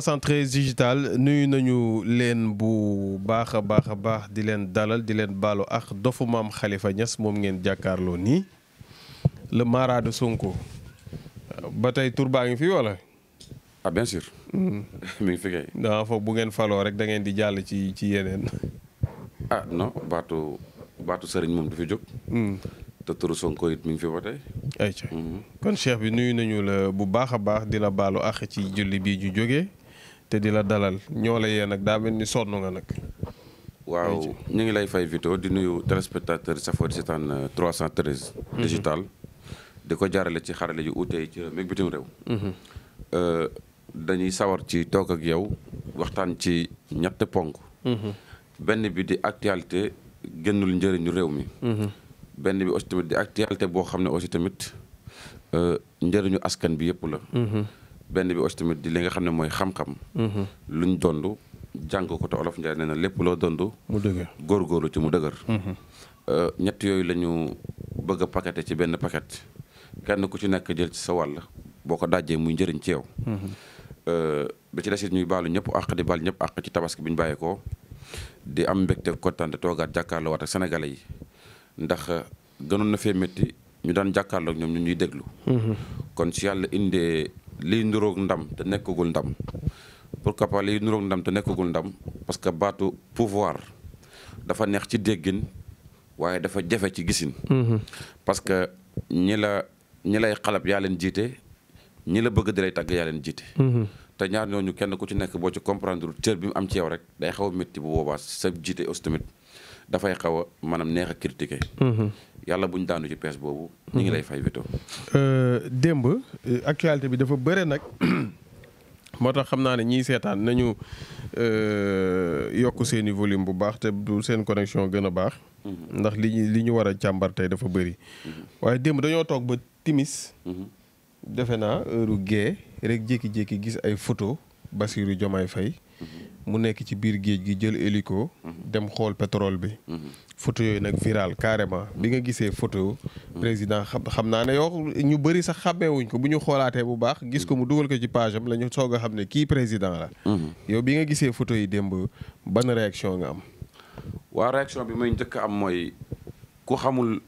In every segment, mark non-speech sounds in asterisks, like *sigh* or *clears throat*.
313 digital nuyu nañu leen bu baax a baax a baax di leen dalal di leen baalu ak dofu maam Khalifa Niass moom ngeen jàkkaarloo nii le mara de Sonko ba tey tur baa ngi fi wala. ah bien sûr. Hmm. *laughs* mi ngi fi kay. daa foog bu ngeen faloo rek da ngeen di jàll ci ci yeneen. *laughs* ah non baatu baatu sëriñ moom du fi jóg. Hmm. te turu Sonko it mi ngi fi ba tey. Hmm. kon cheikh bi nuyu nañu la bu baax a baax di la baalu àq ci julli bii ju jóge te di la dalal ñoo la yee nag daa mel ni sonn nga nag. waaw ñu ngi lay fay Vito di nuyu téléspectateur safoo di seetaan 313. Euh, mhm. digital di ko jaarale ci xarale yu ute ci même bitim réew. Mhm. Euh, dañuy sawar ci toog ak yow waxtaan ci ñett ponk. Mhm. benn bi di actualité génnul njëriñu réew mi. benn bi aussi tamit di actualité boo xam ne aussi tamit euh, njëriñu askan bi yëpp la. benn bi aussi tamit di li nga xam ne mooy xam-xam. Mhm. luñ dond jàng ko te olof Ndiaye nee na lépp loo dondu mu dëgër góorgóorlu ci mu dëgër. Mhm. Euh, ñett yooyu lañu ñu bëgg a ci benn paquet kenn ku ci nekk jël ci sa wàll boo ko dajee muy njëriñ ci yow. Mhm. Euh, ba ci des it ñuy baalu ñëpp àq di baal ñëpp àq ci tabaski bi ñu bàyyi ko di am mbégte kontaan te toogaat jàkkaarloo waat ak sénégalais yi ndax euh, gënoon na fee métti ñu daan jàkkaarloo ñoom ñu ñuy déglu. kon si yàlla indee. liy nuroog ndam te nekkagul ndam pour pas liy ndam te nekkagul ndam parce que baatu pouvoir dafa neex ci déggin waaye dafa jafe ci gisin. Mm-hmm. parce que ñi la ñi lay xalab yaa leen jiite ñi la bëgg di lay tàgg yaa leen jiite. Mm-hmm. te ñaar ñooñu kenn ku ci nekk boo ci comprendre cër bi mu am ci yow rek day xaw a métti bu boobaa sa jiite aussi dafay xaw a maanaam neex a critiquer. Mhm. yàlla bu ñu daanu ci pees boobu. ñu ngi lay fay weto. Euh, démb euh, actualité bi dafa bëre nag *clears throat* moo tax xam naa ne ñiy seetaan nañu euh, yokk seeni volume bu baax te du seen connexion gën a baax. Mhm. ndax li ñu li ñu war a càmbar tey dafa bëri. Mhm. waaye démb dañoo toog ba timis. defe naa heure gee rek jékki-jékki gis ay photo Bassirou Diomaye Faye mu nekk ci biir géej gi jël hélico. dem xool pétrole bi. photo yooyu nag viral carrément bi nga gisee photo. président xam xam naa ne yow ñu bëri sax xàmmeewuñ ko bu ñu xoolaatee bu baax gis ko mu dugal ko ci page am la ñu soog a xam ne kii président la. yow bi nga gisee photo yi démb ban réaction nga am. waa réaction bi may njëkk am mooy ku xamul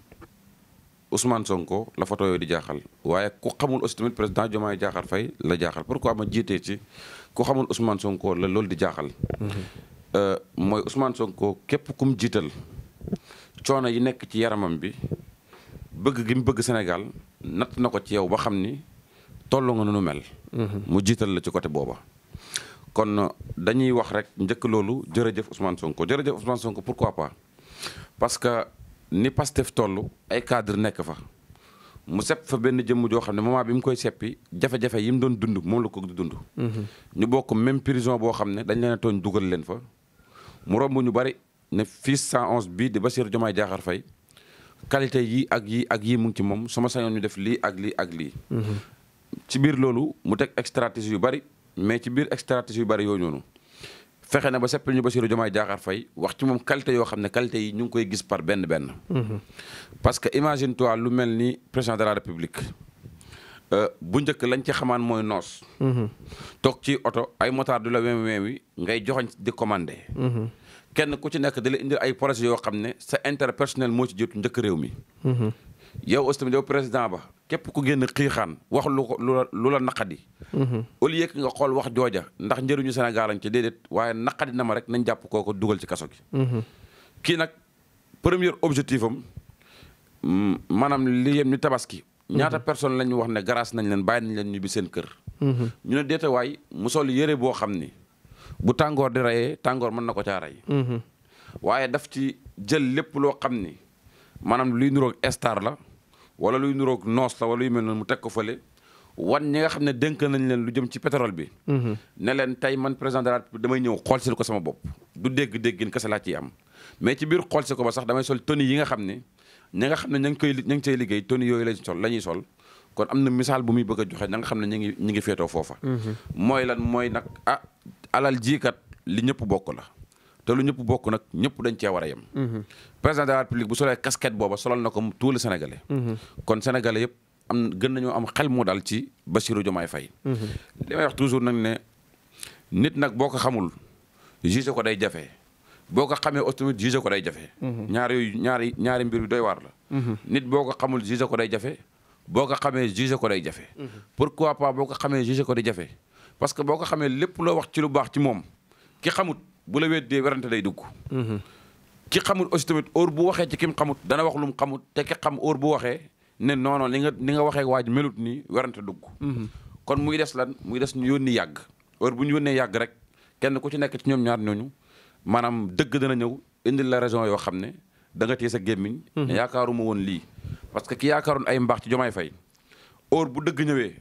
Ousmane Sonko la photo yooyu di jaaxal waaye ku xamul aussi tamit président Diomaye Diakhar Faye la jaaxal pourquoi ma jiitee ci. ku xamul Ousmane Sonko la loolu di jaaxal. Euh, mooy Ousmane Sonko képp kum jiital coono yi nekk ci yaramam bi bëgg gi mu bëgg Sénégal natt na ko ci yow ba xam ni tollu nga nu mel. Mhm. mu jiital la ci côté booba. kon dañuy wax rek njëkk loolu jërëjëf Ousmane Sonko jërëjëf Ousmane Sonko pour pas parce que ni Pastef tollu ay cadre nekk fa. mu sepp fa benn jëmm joo xam ne moment bi mu koy seppi jafe-jafe yi mu doon dund moom la ko di dund. Mhm. ñu bokk même prison boo xam ne dañ leen a tooñ dugal leen fa. mu romb ñu bari ne fii 111 bii di Bassirou Diomaye Diakhar fay qualité yii ak yii ak yii mu ngi ci moom sama sañoon ñu def lii ak lii ak lii. Mhm. ci biir loolu mu teg stratégie yu bari mais ci biir stratégie yu bari yoo ñoonu fexe na ba seppil ñu Bassirou Diomaye Diakhar Faye wax ci moom qualité yoo xam ne qualité yi ñu ngi koy gis par benn benn. Mhm. parce que imagine toi lu mel ni président de la république. Euh, bu njëkk lañ ci xamaan mooy noos. Mhm. toog ci oto ay motard du la weem weem ngay joxoñ di commandé. Mhm. kenn ku ci nekk da la indil ay projet yoo xam ne sa intérêt personnel moo ci jiitu njëkk réew mi. yow aussi tamit président ba képp ku génn xiixaan wax lu ko lu la naqadi. au lieu que nga xool wax jooja ndax njëriñu Sénégal lañ ci déedéet waaye naqadi na ma rek nañ jàpp kooku dugal ci kaso gi. kii nag premier objectif am mm, maanaam li yem ni tabaski. ñaata personne lañu wax ne grâce nañ leen bàyyi nañ leen ñibbi seen kër. ñu ne déeta waay mu sol yére boo xam ni bu tàngoor di reyee tàngoor mën na ko caa mhm. waaye daf ci jël lépp loo xam ni. maanaam luy nuroog star la wala luy nuroog noos la wala yu mel noonu mu teg ko fële wan ñi nga xam ne dénk nañ leen lu jëm ci pétrole bi. Mhm. ne leen tey man président de la damay ñëw xool si ko sama bopp. du dégg déggin kese laa ci am mais ci biir xool si ko ba sax damay sol toni yi nga xam ne ñi nga xam ne ña ngi koy liggéey toni yooyu lañ sol la ñuy sol. kon am na misaal bu muy bëgg a joxe na nga xam ne ñu ngi ñu ngi féetoo foofa. Mhm. mooy lan mooy nag ah alal jiikat li ñëpp bokk la. te lu ñëpp bokk nag ñëpp dañ cee war a yem. Mhm. président de la république bu solee casquette booba solal na ko tout le mhm. kon sénégalais yëpp am gën nañoo am xel moo dal ci Bassirou Diomaye Faye. Mhm. li may wax toujours nag ne nit nag boo ko xamul juge ko day jafe boo ko xamee aussi tamit ko day jafe. ñaar ñaari ñaari mbir yu doy waar la. nit boo ko xamul juge ko day jafe boo ko xamee juge ko day jafe. pourquoi pas boo ko xamee juge ko day jafe parce que boo ko xamee lépp loo wax ci lu baax ci moom ki xamut. bu la weddee werante day dugg. Mm-hmm. ki xamul aussi tamit heure bu waxee ci ki xamut dana wax lu mu xamut te ki xam heure bu waxee ne non non nga li nga waxee waaj melut nii werante dugg. Mm-hmm. kon muy des lan muy des ñu yoon ni yàgg heure bu ñu yónnee yàgg rek kenn ku ci nekk ci ñoom ñaar ñooñu maanaam dëgg dana ñëw indil la raison yoo xam ne da nga sa gémmiñ. Mm-hmm. yaakaaruma woon lii parce que ki yaakaaroon ay mbaax ci Diomaye Faye heure bu dëgg ñëwee.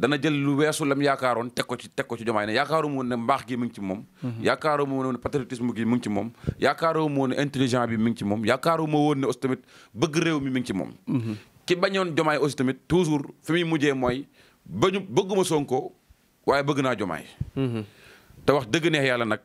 dana jël lu weesu lam yaakaaroon teg ko ci teg ko ci jomaay ne yaakaaruma woon ne mbaax gi mu ngi ci moom mhm. yaakaaruma woon ne patriotisme gi mu ngi ci moom yaakaaruma woon ne intelligent bi mu ngi ci moom yaakaaruma woon ne aussi tamit bëgg réew mi mi ngi ci moom mhm. ki bañoon jomaay aussi tamit toujours fi mu mujjee mooy bañu bëgguma sonko waaye bëgg naa jomaay mhm. te wax dëgg neex yàlla nag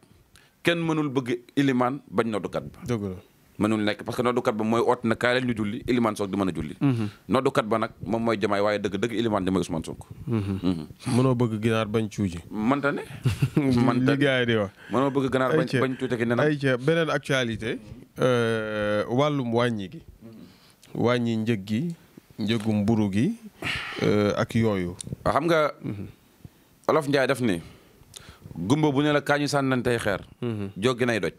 kenn mënul bëgg ilimaan bañ noddukat ba mënul nekk parce que noddukat ba mooy oot na kaay leen ñu julli Iliman Sonko di mën a julli. Mhm. noddukat ba nag moom mooy jamaay waaye dëgg dëgg Iliman di mooy Ousmane Sonko. Mhm. Mhm. mënoo bëgg ginaar bañ cuuji. mënta ne. *laughs* mënta ne li mënoo bëgg ginaar bañ bañ cuuji ki ne nag. ayca beneen actualité euh, wàllum wàññi gi. wàññi njëg gi njëgu mburu gi euh, ak yooyu. Ah, xam nga. Olof Ndiaye def ni. gumba bu ne la kaa ñu sànnantey xeer. joggi nay doj.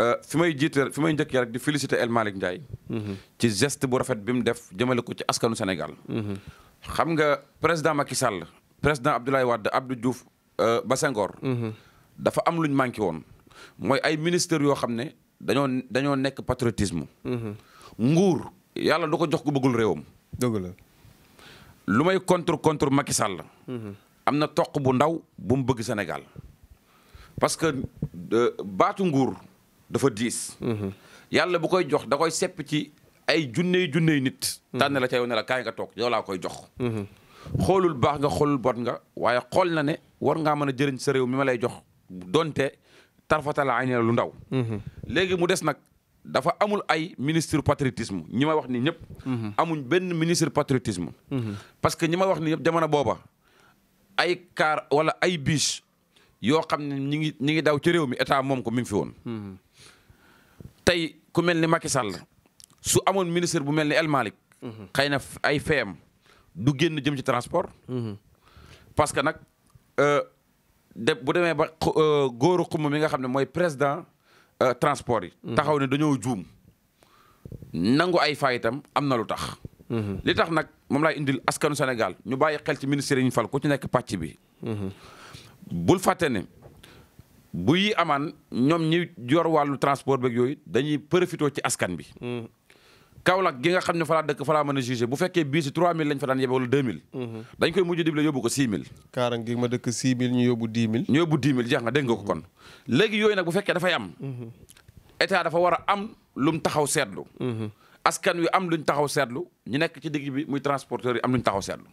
Euh, fi may jiite fi may njëkkee rek di féliciter El Malick Ndiaye. Mhm. ci geste bu rafet bi mu def jëmale ko ci askanu Sénégal. Mhm. xam nga président Macky Sall président Abdoulaye Wade Abdou Diouf euh, ba Senghor. Mhm. dafa am luñ manqué woon mooy ay ministères yoo xam ne dañoo dañoo nekk patriotisme. nguur yàlla du ko jox ko bëggul réewam. dëgg la lu may contre contre Macky Sall. am na toq bu ndaw bu bëgg Sénégal parce que euh, baatu nguur. dafa diis. Mhm. yàlla bu koy jox da koy sepp ci ay junney junney nit. Mhm. tànn la ca yow ne la kaay nga toog yow koy jox. Mhm. xoolul baax nga xoolul boot nga waaye xool na ne war ngaa mën a jëriñ sa réew mi ma lay jox donte tarfatal ay ne lu ndaw. léegi mu des nag dafa amul ay ministre patriotisme ñi ma wax nii ñëpp. amuñ benn ministre patriotisme. parce que ñi ma wax ni ñëpp jamono booba ay car wala ay biche yoo xam ne ñi ngi ñi ngi daw ci réew mi état moom ko mi woon. tey ku mel ni Macky Sall su amoon ministre bu mel ni El Malick. Mhm. xëy na ay feem du génn jëm ci transport. Mhm. parce que nag euh, de bu demee ba euh, góoru xumb mi nga xam ne mooy président euh, transport yi. Mhm. taxaw ne dañoo juum nangu ay itam am na lu tax. li tax nag moom laay indil askanu Sénégal ñu bàyyi xel ci ministère yi ñu fal ku ci nekk pàcc bi. bul fàtte bu yi amaan ñoom ñi yor wàllu transport beeg yooyu dañuy profité ci askan bi. Hmm. Kaolack gi a xam ne fa laa dëkk fa laa mën a jugé bu fekkee bii si 3000 lañ fa daan yebe wala 2000. Hmm. dañ koy mujj dible yóbbu ko 6000. Kaarang gi ma dëkk 6000 ñu yóbbu 10000. ñu yóbbu nga dégg ko kon léegi yooyu nag bu fekkee dafay am. Hmm. état dafa war a am lum taxaw seetlu. askan wi am luñ taxaw seetlu ñu nekk ci digg bi muy transporteur yi am luñ taxaw seetlu.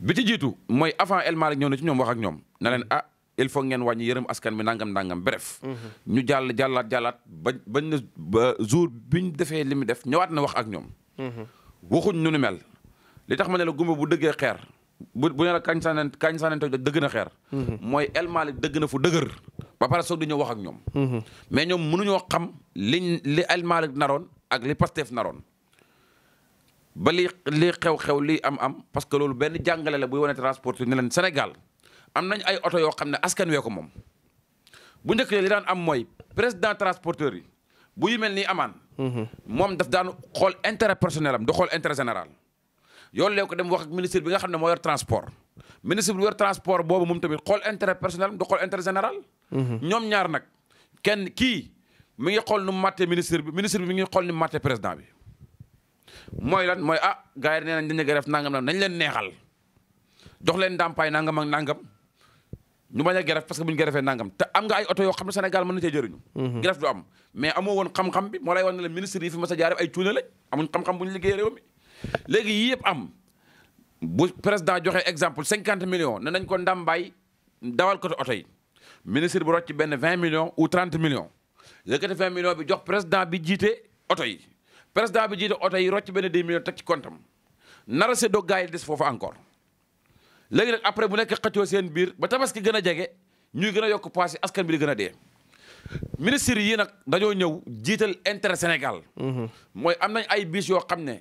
bi ci jiitu mooy avant El Malick ñëw il faut ngeen wàññi yërëm askan mi nangam nangam bref. Mhm. ñu jàll jàllaat jàllaat ba bañ na ba jour biñ defee li mu def ñëwaat na wax ak ñoom. Mhm. waxuñ nu nu li tax ma ne la gumba bu dëggee xeer bu bu ne la kañ saanen kañ dëgg na xeer. Mhm. mooy El Malick dëgg na fu dëgër ba pare soog di ñëw wax ak ñoom. mais ñoom mënuñu wax xam li El Malick naroon ak li Pastef naroon. ba li li xew-xew li am am parce que loolu benn jàngale la buy wane transporteur ne leen Sénégal. am nañ ay oto yoo xam ne askan wee ko moom bu njëkk li daan am mooy président transporteur yi bu yu mel nii amaan mhm. moom daf daan xool intérêt personnel am du xool intérêt général yoonu lee ko dem wax ak bi nga xam ne moo yor transport ministre bi boobu moom tamit xool intérêt personnel am du xool mhm. ñoom ñaar nag kenn kii mu ngi xool nu matte ministre bi ministre bi mi ngi xool ni matte président bi mooy lan mooy ah gars yi nee nañ dañu def nangam nañ leen neexal jox leen ndàmpaay na ak nangam ñu bañ a geref parce que bu ñu gerefee nangam te am nga ay oto yoo xam ne Sénégal mën na cee mhm. geref du am mais amoo woon xam-xam bi moo lay wan ne la ministre yi fi mas a jaaree ay cuune lañ amuñ xam-xam bu ñu réew mi léegi yii yëpp am bu président joxe exemple cinquante million ne nañ ko ndàmbaay dawal ko oto yi ministre bu rocc benn vingt million ou trente millions yëkkati vingt millions bi jox président bi jiite oto yi président bi jiite oto yi rocc benn dix millions teg ci comptam nar a séddoo gars yi des foofu encore léegi nag après bu nekk xëccoo seen biir ba tabaski gën a jege ñuy gën a yokk paas yi askan bi di gën a dee ministre yi nag dañoo ñëw jiital intérêt Sénégal mm-hmm. mooy am nañ ay bis yoo xam ne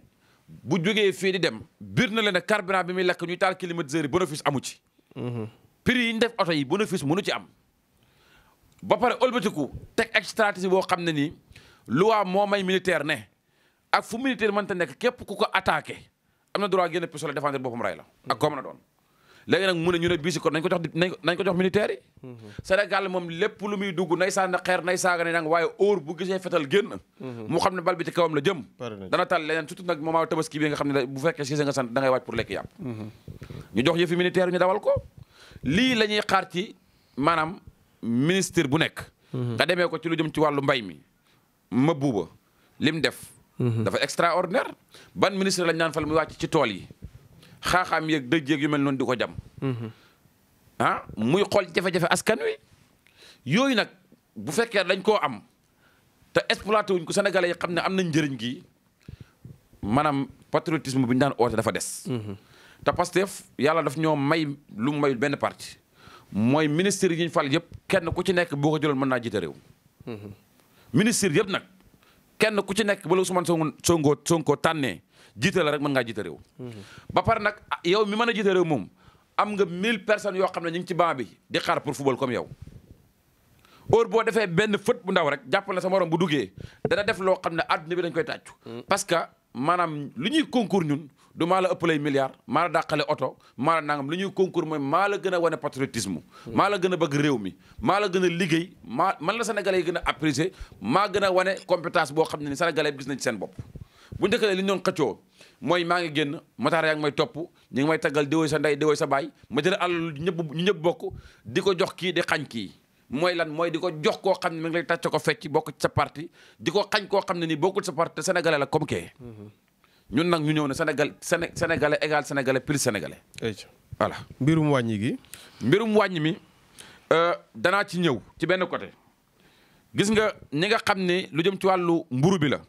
bu jógee fii di dem biir na leen ne carburant bi muy lekk ñuy taal climatiseur yi bénéfice amu ci mm-hmm. prix yi ñu def oto yi bénéfice mënu ci am ba pare ëlbatiku teg ak boo xam ne nii loi moo may militaire ne ak fu militaire te nekk képp ku ko attaqué am na droit génn pistolet défendre boppam rey la ak koo mën doon léegi nag mu ne ñu ne bii si kon nañ ko jox nañ ko jox militaire Sénégal moom lépp lu muy dugg nay sànni xeer nay saaga ne nang waaye óor bu gisee fetal génn mhm. mu xam ne bal bi ci kawam la jëm dana tal leneen surtout nag moment tabaski bi nga xam ne bu fekkee si nga sant da waaj pour lekk yàpp mhm. ñu jox yëfi militaire ñu dawal ko lii la ñuy xaar ci maanaam ministre bu nekk mhm. nga demee ko ci lu jëm ci wàllu mbay mi ma buuba lim def dafa extraordinaire ban ministre lañ naan fal muy wàcc ci tool yi xaaxaam yeeg dëj yeeg yu mel noonu di ko jam mhm. ah muy xool jafe-jafe yooyu nag bu fekkee dañ koo am te exploité wuñ ko sénégalais yi xam ne am nañ njëriñ gi maanaam patriotisme bi ñu daan oote dafa des. Mhm. te Pastef yàlla daf ñoo may lu mu mayul benn parti mooy ministre yi ñu fal yëpp kenn ku ci nekk boo ko jëloon mën naa jiite réew. Mhm. ministre yëpp nag kenn ku ci nekk ba la Ousmane Sonko Sonko tànnee. jiite la rek mën ngaa jiite réew. Mhm. ba pare nag ah, yow mi mën a jiite réew moom am nga 1000 personnes yoo xam ne ñu ngi ci banc bi di xaar pour football comme yow. heure boo defee benn fët bu ndaw rek jàppal na sa morom bu duggee dana def loo xam ne adduna bi dañ koy tàccu. Mhm. parce que maanaam lu ñuy concours ñun du maa la ëppalee milliard maa la dàqale oto maa la nangam lu ñuy concours mooy maa la gën a wane patriotisme. Mhm. maa la gën a bëgg réew mi maa la gën a liggéey maa man la sénégalais gën a apprécier gën a wane compétence boo xam ne ni sénégalais bi gis nañ seen bopp. bu njëkkalee li ñu doon xëccoo mooy maa ngi génn Matar yaa ngi may topp ñu ngi may taggal diwooy sa ndey diwooy sa baay ma jël alal ñëpp ñëpp bokk di ko jox kii di xañ kii mooy lan mooy di ko jox koo xam ne mi ngi lay tàcc ko fecc bokk parti di ko xañ koo xam ne nii bokkul sa parti te sénégalais la comme kee ñun nag ñu ñëw ne Sénégal sénégalais égal sénégalais plus sénégalais. voilà mbirum wàññi gi. mbirum wàññi mi euh, danaa ci ñëw ci benn côté gis nga ñi nga xam ne lu jëm ci wàllu mburu bi la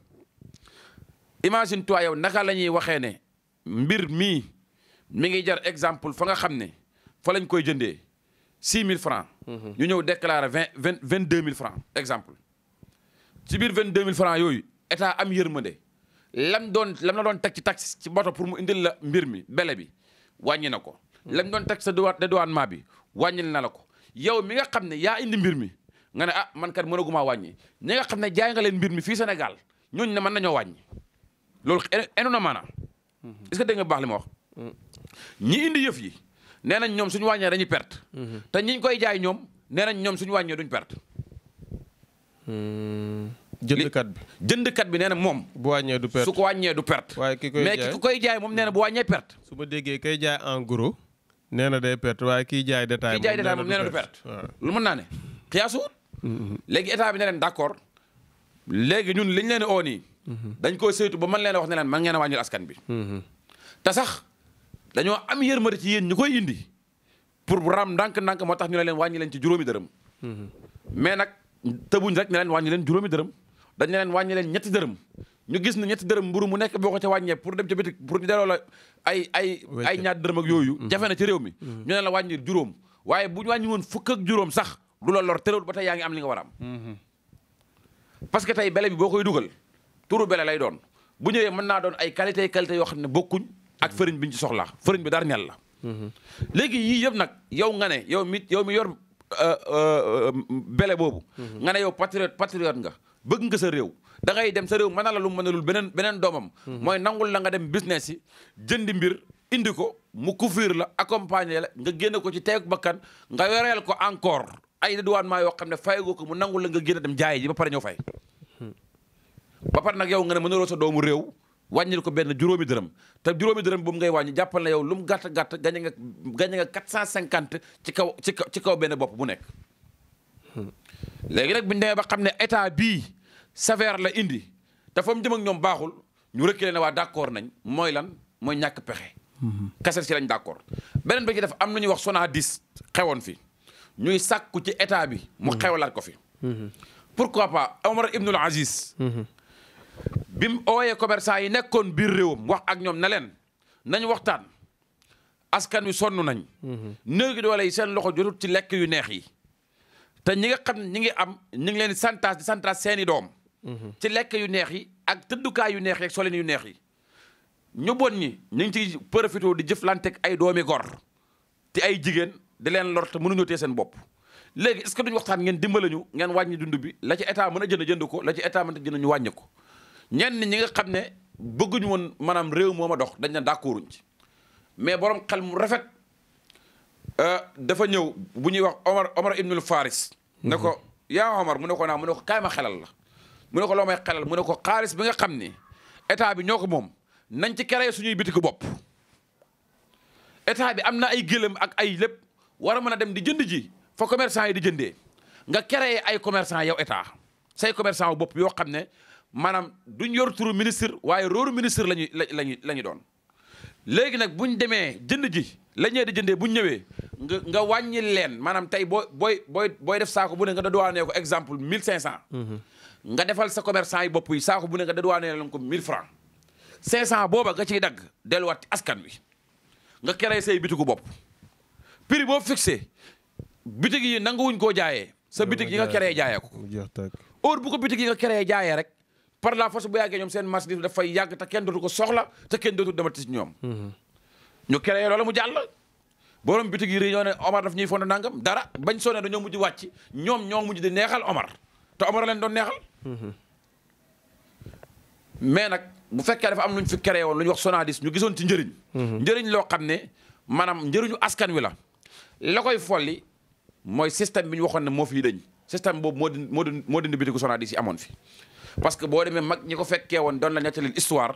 imagine toi yow naka la ñuy waxee ne mbir mii mi ngi jar exemple fa nga xam ne fa lañ koy jëndee six mille francs mhm. ñu ñëw déclarer vingt vingt vingt deux mille francs exemple ci biir vingt deux mille francs yooyu état am yërmande lam doon lam la doon teg ci taxe ci bato pour mu indil la mbir mi bele bi wàññi na ko mhm. lam doon teg sa dédouanement bi wàññil na la ko yow mi nga xam ne yaa indi mbir mi nga ne ah man kat mënagumaa wàññi ñi nga xam ne jaay leen mbir mi fii Sénégal ñooñu ne mën nañoo wàññi loolu enu na maanaam mhm. est-ce que baax li ma wax mm. ñi indi yëf yi nee nañ ñoom suñu wàññee dañuy perte mhm. te ñiñ koy jaay ñoom nee nañ ñoom suñu wàññee duñ perte mm. jëndkat bi jëndkat bi nee na moom. bu wàññee du perte su ko wàññee du perte. waaye ki koy jaay mais ki koy jaay moom nee na bu wàññee perte. su ma déggee kay jaay en gros. nee na day pert waaye kiy jaay détail. moom nee na du perte lu mën naa ne xiyaasu. Mm-hmm. léegi état bi ne leen d' accord léegi ñun liñ leen oo nii dañ koo saytu ba mën leen wax ne leen man ngeen a wàññil askan bi mhm. te sax dañoo am yërmande ci yéen ñu koy indi pour bu ram ndànk-ndànk moo tax ñu ne leen wàññi leen ci juróomi dërëm mhm. mais nag tëbuñ rek ne leen wàññi leen juróomi dërëm dañ ne leen wàññi leen ñetti dërëm ñu gis ne ñetti dërëm mburu mu nekk boo ko ca wàññee pour dem ca bitik pour ñu delloo la ay ay ñaar dërëm ak yooyu mhm. jafe na ci réew mi ñu ne la wàññi juróom waaye bu ñu wàññi woon fukk ak juróom sax du lool lor terewul ba te yaa ngi am li nga war a am parce que tey bele bi boo koy dugal turu bele lay doon bu ñëwee mën naa doon ay qualité qualité yoo xam ne bokkuñ ak mhm. fëriñ bi ñu ci soxla fëriñ bi dara ñal la mhm. léegi yii yëpp nag yow nga ne yow mi yow mi yor euh, euh, bele boobu mhm. nga ne yow patriote patriote nga bëgg nga sa réew da ngay dem sa réew mën na la lu mënalul beneen beneen doomam mooy nangul la nga dem business yi jëndi mbir indi ko mu couvrir la accompagner la nga génne ko ci teeg bakkan nga yoreel ko encore ay dédouanement yoo xam ne fayagoo ko mu nangul la nga génn dem jaay ji ba pare ñëw fay ba pare nag yow nga ne mënuloo sa doomu réew wàññil ko benn juróomi dërëm te juróomi dërëm boobu ngay wàññi jàppal yow lu mu gàtt gàtt gañe nga gañe nga 450 ci kaw ci ci kaw benn bopp bu nekk. léegi nag bu ñu ba xam ne état bii sévère la indi te fa mu jëm ak ñoom baaxul ñu reculer ne waa d'accord nañ mooy lan mooy ñàkk pexe. kaset ci lañ d'accord beneen bi ci def am na ñuy wax Sonadis xewoon fi ñuy sàkku ci état bi. mu mm-hmm. xewlaat ko fi. Mm-hmm. pourquoi pas Omar Ibnul Aziz. Mm-hmm. bi mu ooyee commerçant yi nekkoon biir réewam wax ak ñoom na leen nañu waxtaan askan wi sonn nañ. Mhm. néew gi doole yi seen loxo jotut ci lekk yu neex yi. te ñi nga xam ne ñi ngi am ñu ngi leen di santaas seeni doom. Mhm. ci lekk yu neex yi ak tëddukaay yu neex yi yu neex yi. ñu bon ñu ngi ciy profité di jëflanteeg ay doomi gor. te ay jigéen di leen lor te mënuñoo téye seen bopp. léegi est-ce que duñ waxtaan ngeen dimbale ñu ngeen wàññi dund bi la ci état mën a jënd jënd ko la ci état mën a jënd ñu wàññi ko. ñenn ñi nga xam ne bëgguñu woon maanaam réew moo ma dox dañ na d'accorduñ ci mais borom xel mu rafet euh, dafa ñëw bu ñuy wax Omar Omar Ibnul Faris. ne ko mm-hmm. yaa Omar mu ne naa mu ne ko kaay ma xelal la. mu ne ko loo xelal mu ne ko xaalis bi nga xam ni état bi ñoo ko moom nañ ci créé suñuy bitiku bopp état bi am na ay gëlëm ak ay lépp war a mën a dem di jënd ji fa commerçant yi di jëndee nga créé ay commerçant yow état say commerçant bopp yoo xam ne. maanaam duñ yor turu ministre waaye roor ministre la ñuy la ñuy la ñu doon léegi nag buñ demee jënd ji lañee ñee di jëndee buñ ñëwee nga nga wàññi leen maanaam tey boo booy booy booy def saako bu ne nga dédouané ko exemple mille cinq cent mm-hmm. nga defal sa commerçant yi bopp yi saako bu ne nga dédouané leen ko mille francs cinq cent booba nga ciy dagg delluwaat askan wi nga créé say bitigu bopp prix boo fixé bitig yi wuñ koo jaayee sa bitig yi nga créé jaayee ko oor bu ko bitig yi nga créé jaayee rek par la force bu yàggee ñoom seen marchandise dafay yàgg te kenn dootu ko soxla te kenn dootu demati ci ñoom. Mm-hmm. ñu créé la mu jàll. borom bitig yi réunion ne Omar daf ñuy fond nangam dara bañ sonnee dañoo mujj wàcc ñoom ñoo mujj di neexal Omar te Omar leen doon neexal. Mm-hmm. mais nag bu fekkee dafa am lu ñu fi créé woon lu ñuy wax Sonadis ñu gisoon ci njëriñ. Mm-hmm. njëriñ loo xam ne manaam njëriñu askan wi la. la koy folli mooy système bi ñu waxoon ne moo fiy dañ système boobu moo di moo di moo dindi bitigu Sonadis yi amoon fi. parce que boo demee mag ñi ko fekkee woon doon la nettali histoire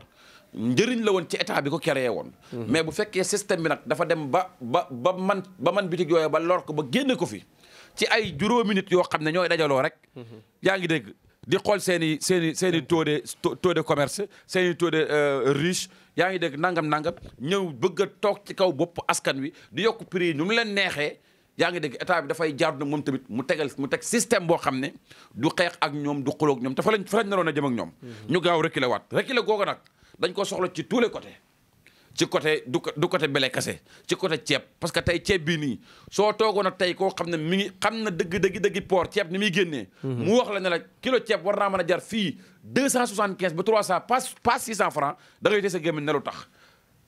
njëriñ la woon ci état bi ko créé woon. Mhm. mais bu fekkee système bi nag dafa dem ba ba ba man ba man bitig yooyu ba lor ko ba génne ko fi ci ay juróomi nit yoo xam ne ñooy dajaloo rek. Mhm. yaa ngi dégg di xool seen i seen seen i taux de taux de commerce seen i taux de euh, riche yaa ngi dégg nangam nangam ñëw bëgg toog ci kaw bopp askan wi di yokk prix yi ñu mu leen neexee. yaa ngi dégg état bi dafay jaar na moom tamit mu tegal mu teg système boo xam ne du xeex ak ñoom du xuloo ñoom te fa lañ fa lañ na a jëm ak ñoom. ñu gaaw reculer waat reculer googu nag dañ ko soxla ci tous les côtés. ci côté du du côté bele kese ci côté ceeb parce que tey ceeb bii nii soo toogoon a tey koo xam ne mi ngi xam na dëgg dëgg dëgg port ceeb ni muy génnee. mu wax la ne la kilo ceeb war naa mën a jar fii deux cent soixante quinze ba trois cent pas pas six cent franc da ngay dese gémmiñ ne lu tax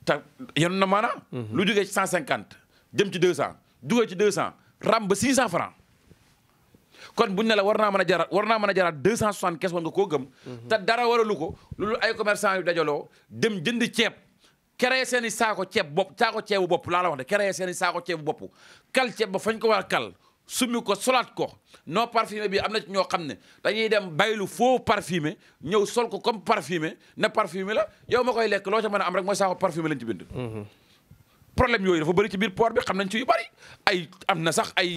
te yenu na maana mm-hmm. lu jógee cent cinquante jëm ci deux cent. dugal ci 200 ram ba 600 kon buñ ne la war naa man a jaraat war naa mën a jaraat 275 war nga koo gëm. Mhm. te dara waralu ko loolu ay commerçant yu dajaloo dem jënd ceeb. créé seen i saako ceeb bopp saako ceebu bopp laa la wax de créé seen i saako ceebu bopp kal ceeb ba fañ ko war a kal summi ko solaat ko non parfumé bi am na ñoo xam ne dañuy dem baylu faux parfumé ñëw sol ko comme parfumé ne parfumé la yow ma koy lekk loo ca mën a am rek mooy saako parfumé lañ ci problème yooyu dafa bëri ci biir port bi xam nañ ci yu bëri ay am na sax ay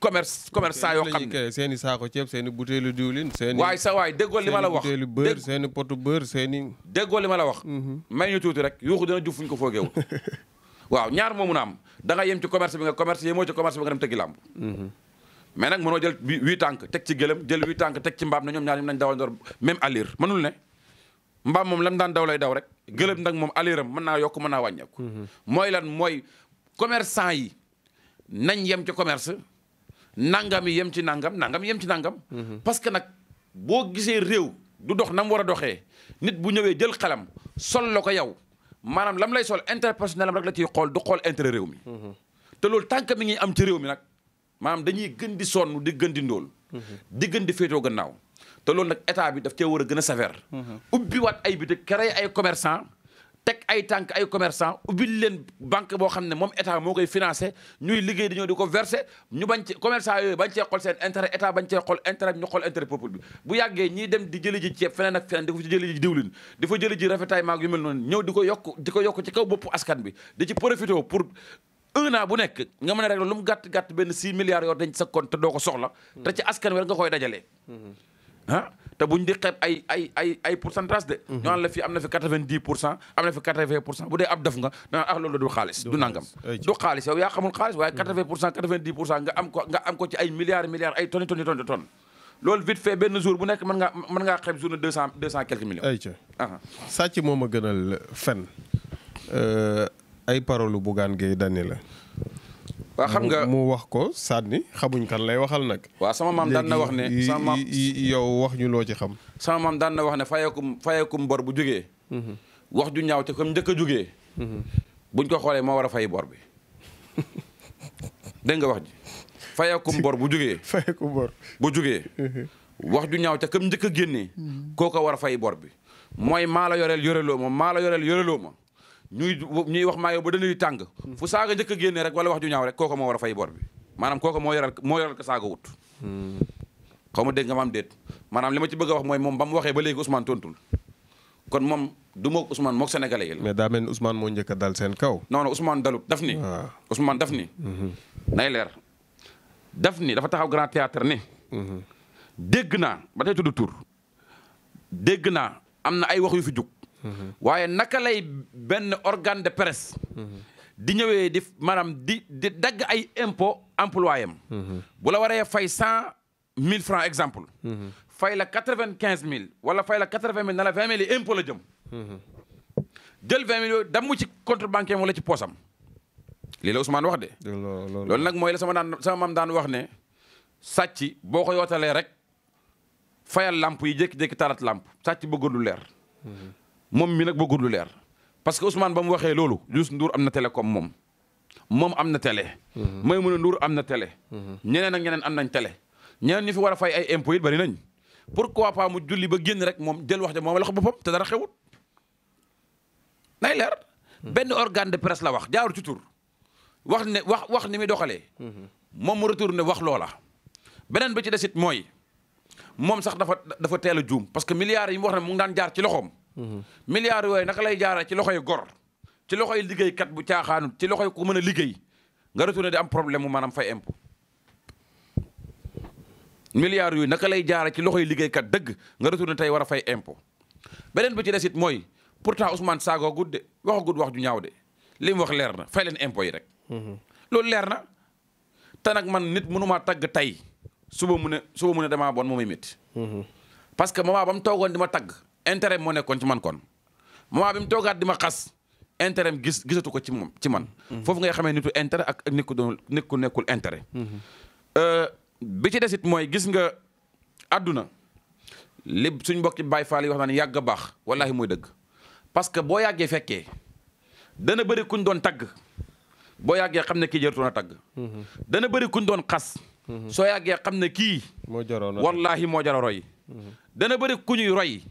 commerce commerçant yoo xam ne seen i saako ceeb seen i butéelu diwlin seen waay sa waay déggoo li ma la wax butéelu beurre seen i potu beurre seen i la wax mhm. may ñu tuuti rek yuuxu dana juf fu ñu ko foogeewul *laughs* waaw ñaar moomu na am da nga yem ci commerce bi nga commerce yémoo ci commerce bi nga dem tëggi làmb mhm. mais nag jël huit tànk teg ci mbaam ne ñoom ñaar ñoom nañ dawandoor même allure mënul ne mbaam moom lam daan daw lay daw rek gëlëm nag moom aliram mën naa yokk mën naa wàññeeku. Mm-hmm. mooy lan mooy commerçant yi nañ yem ci commerce nangam yi yem ci nangam nangam yem ci nangam. Mm-hmm. parce que nag boo gisee réew du dox nam war a doxee nit bu ñëwee jël xalam sol la ko yow maanaam lam lay sol intérêt personnel am rek la ciy xool du xool intere réew mi. Mm-hmm. te loolu tànk mi ngi am ci réew mi nag maanaam dañuy gën di sonn di gën di ndóol. di gën di féetoo gannaaw. te loolu nag état bi daf cee war a gën a sévère. ubbiwaat ay bitik créé ay commerçant teg ay tànk ay commerçant ubbil leen banque boo xam ne moom état moo koy financé ñuy liggéey dañoo di ko versé ñu bañ ci commerçant yooyu bañ cee xool seen intérêt état bañ cee xool intérêt bi ñu xool intérêt peuple bi bu yàggee ñiy dem di jëli ji ceeb ko ci jëli ji ñëw di ko yokk di yokk ci kaw boppu askan bi di ci profité pour un an bu nekk nga mën a rek lu mu gàtt gàtt benn 6 milliards yor dañ sa compte te doo ko soxla te ci askan wi rek nga koy dajalee ah te buñ di xeeb ay ay ay ay pourcentage de. Mhm. ñu naan la fii am na fi quatre-vingt-dix pour cent am na fi quatre-vingt pour cent bu dee ab def nga da ah loolu du xaalis du nangam. du xaalis yow yaa xamul xaalis waaye mhm. quatre-vingt pour cent quatre-vingt-dix pour cent nga am ko nga am ko ci ay milliards milliards ay tonnes tonnes tonnes loolu vite fait benn jour bu nekk mën ngaa mën ngaa xeeb journée ah. moom a gënal fen euh, ay parole bu Bougane Gueye la. waa xam nga mu wax ko sànni xamuñ kan lay waxal nag. waa sama maam daan na wax ne sama yow wax ñu loo ci xam. sama maam daan na wax ne fayeekum fayeekum bor bu jógee. Mhm. wax ju ñaaw te comme njëkk a jógee. Mhm. buñ ko xoolee moo war a fay bor bi dégg nga wax ji. fayeekum bu jógee. fayeekum bor bu jógee. *laughs* Mhm. wax ju ñaaw te comme njëkk a génnee. koo ko war a fay bor bi. mooy maa la yoreel yoreloo ma maa la yoreel yoreloo ma. ñuy ñuy wax maa yow ba dañuy tàng fu saaga njëkk a génne rek wala wax ju ñaaw rek kooku moo war a fay bor bi maanaam kooku moo yoral moo yoral ko saaga wut xaw ma dégg nga ma am maanaam li ma ci bëgg a wax mooy moom ba mu waxee ba léegi Ousmane tontul kon moom du moog Ousmane moog sénégalais yi la mais daa mel ni Ousmane moo njëkk a dal seen kaw non non Ousmane dalut daf ni ah. Ousmane daf ni mhm. nay leer daf ni dafa taxaw grand théâtre ni mhm. dégg naa ba tey tudd tur dégg naa am na ay wax yu fi waaye naka lay benn organ de presse. di ñëwee di maanaam di di dagg ay impôt employé am. bu la waree fay cent mille francs exemple. fay la quatre vingt quinze mille wala fay la quatre vingt mille na la vingt la jëm. jël vingt mille yooyu ci compte bancaire wala ci poosam. lii la Ousmane wax de. loolu nag mooy la sama daan sama maam daan wax ne. sàcc boo ko yootalee rek fayal lamp yi jékki-jékki tarat lamp sàcc bëgg lu leer. moom mi nag bëggul lu leer parce que Ousmane ba mu waxee loolu Youssou Ndour am na télé comme moom moom am na télé. Mhm. Maimouna Ndour am na télé. Mhm. ñeneen ak ñeneen am nañ télé. ñeneen ñu fi war a fay ay impôts bari nañ pourquoi pas mu julli ba génn rek moom jël wax ja moom la ko boppam te dara xewut nay mhm. wax jaarul ci wax ne wax wax ni muy doxalee. moom mu retourné wax loola. beneen bi ci desit mooy moom sax dafa dafa teel a juum parce que milliards yi wax ne mu ngi jaar ci loxoom. milliards yooyu naka lay jaara ci loxo loxoy gor ci liggéey kat bu caaxaanut ci loxo yi ko mën a liggéey nga retourné di am problème mu maanaam fay impôt milliards yooyu naka lay jaara ci loxoy liggéeykat dëgg nga retourné tey war a fay impôt beneen bi ci des mooy pourtant Ousmane Sago gudd de waxagut wax ju ñaaw de li mu wax leer na fay leen impôt yi rek. loolu leer na te nag man nit mënumaa tagg tey suba mu ne suba mu ne damaa bon moomay métti. Mhm. parce que moment ba mu toogoon di ma tagg intérêt moo nekkoon ci man kon moment bi mu toogaat di ma xas intérêt am gis gisatu ko ci moom ci man. Mhm. foofu ngay xamee nitu intérêt ak nit doon nit ku nekkul intérêt. Mhm. Euh, bi ci desit mooy gis nga àdduna li suñ mbokki Baay Faal yi wax naan yàgg baax wallaahi mooy dëgg parce que boo yàggee fekkee dana bëri kuñ doon tagg boo yàggee xam ne kii jarutoon tagg. Mhm. dana bëri kuñ doon xas. soo yàggee xam ne kii. moo jaroon wallaahi moo jar a roy. dana bëri ku ñuy roy.